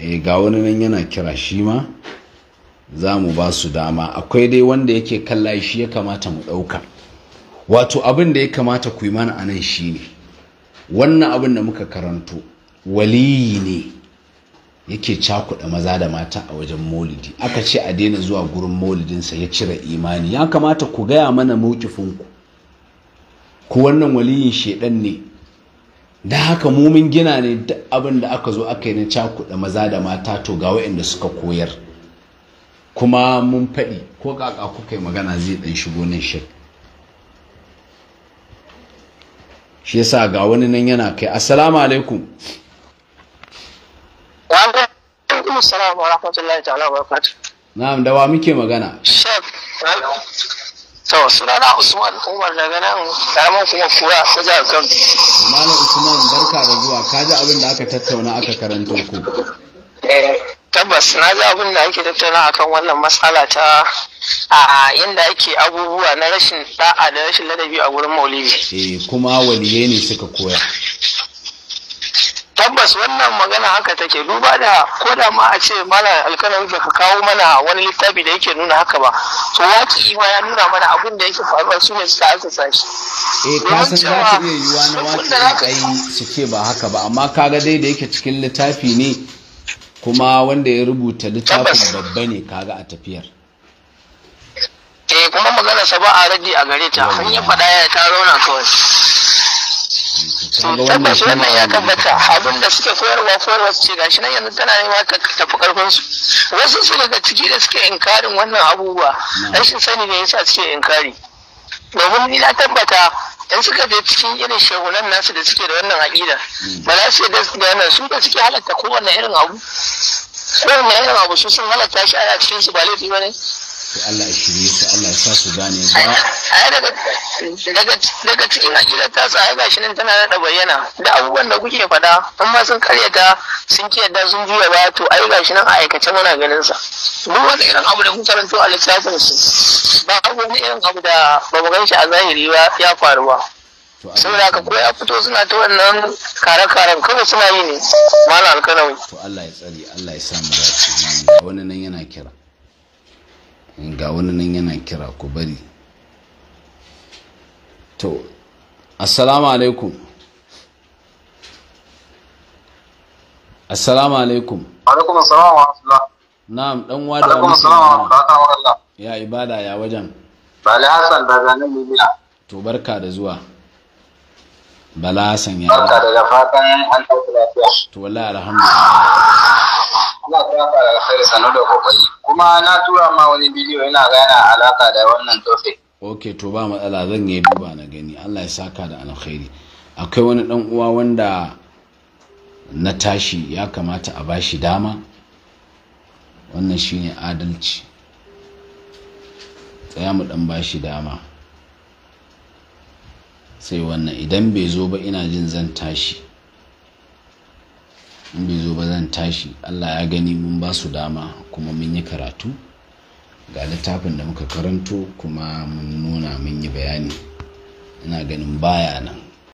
eh ga wani nan yana kira shi ma za mu ba su dama akwai dai wanda yake kalla shi ya kamata mu ɗauka wato abin da ya kamata ku yi mana a nan shi ne wannan abin da muka karanto waliyi ne yake cakuɗa maza da mata a wajen molidi aka ce a daina zuwa gurin molidinsa ya cire imani ya kamata ku gaya mana mokifinku ku wannan waliyin shaidan ne da haka mumin gina ne duk abin da aka zo aka yi na cakuɗa maza da mata to ga wa'inda suka koyar kuma mun faɗi ko ƙaƙa kuka yi magana zai ɗan shigo nan shek shi yasa ga wani nan yana kai assalamu alaikum na'am da wa muke magana to sunana usman umar daga nan karamin kuma kura ta jihar kano malam usman barka da zuwa kaji abin da aka tattauna aka karanta ku eh, tabbas na ji abin da ake tattauna akan wannan matsala ta a inda ake abubuwa na rashin da'a da rashin ladabi a wurin maulidi eh kuma waliyai ne suka koya tabbas wannan magana haka take duba da ko da ma a ce mana alkanan da ka kawo mana wani littafi da yake nuna haka ba to waki ma ya nuna mana abin da yake faruwa su ne suka aka sashi eh ka san za ta iya yiwa na waki suke ba haka ba amma kaga dai da yake cikin littafi ne kuma wanda ya rubuta littafin babba ne kaga a tafiyar eh kuma magana sa ba a raddi a gare ta an ya ya ta rauna kawai to tabbas wannan ya tabbata abin da suke koyarwa koyarwa su ce gashi nan yanzu tana nema ta tafi karfin su wasu su daga ciki da suke inkarin wannan abubuwa rashin sani ne yasa suke inkari domin ni na tabbata in suka je cikin irin shagunan nasu da suke da wannan aƙida mm. ba za su da wannan su da suke halatta kowane irin abu kowane irin abu su sun halatta shi a cikin su ba laifi ba ne sai Allah ya shirye su Allah ya sa su gane ba daga cikin aƙida ta sa ga shi nan tana da bayyana da abubuwan da kuke fada ma sun karyata sun ki yadda sun juya ba to ai ga shi nan a aikace muna ganin sa duk wani irin abu da kun karanto a littafin su ba abu ne irin abu da ba mu gan shi a zahiri ba ya faru ba saboda haka ko ya fito suna ta wannan kare-karen kawai suna yi ne malam alkanawi to Allah ya tsare Allah ya sa samu dace wannan nan yana kira ga wani nan yana kira ku bari to assalamu alaikum assalamu alaikum alaikum assalamu alaikum na'am dan wada alaikum assalamu alaikum ya ibada ya wajen bali hassan daga nan libya to barka da zuwa bala san ya barka da fatan an tafi lafiya to wallahi alhamdulillah Allah tuwa da alkhairi sanu da kokari kuma na tura ma wani bidiyo yana ga yana alaka da wannan topic ok to ba matsala zan yi duba na gani allah ya saka da alkhairi akwai wani dan uwa wanda na tashi ya kamata a bashi dama wannan shine adalci tsaya mu dan bashi dama sai wannan idan bai zo ba ina jin zan tashi in bai zo ba zan tashi allah ya gani mun ba su dama kuma mun yi karatu ga littafin da muka karanto kuma mun nuna mun yi bayani ina ganin baya nan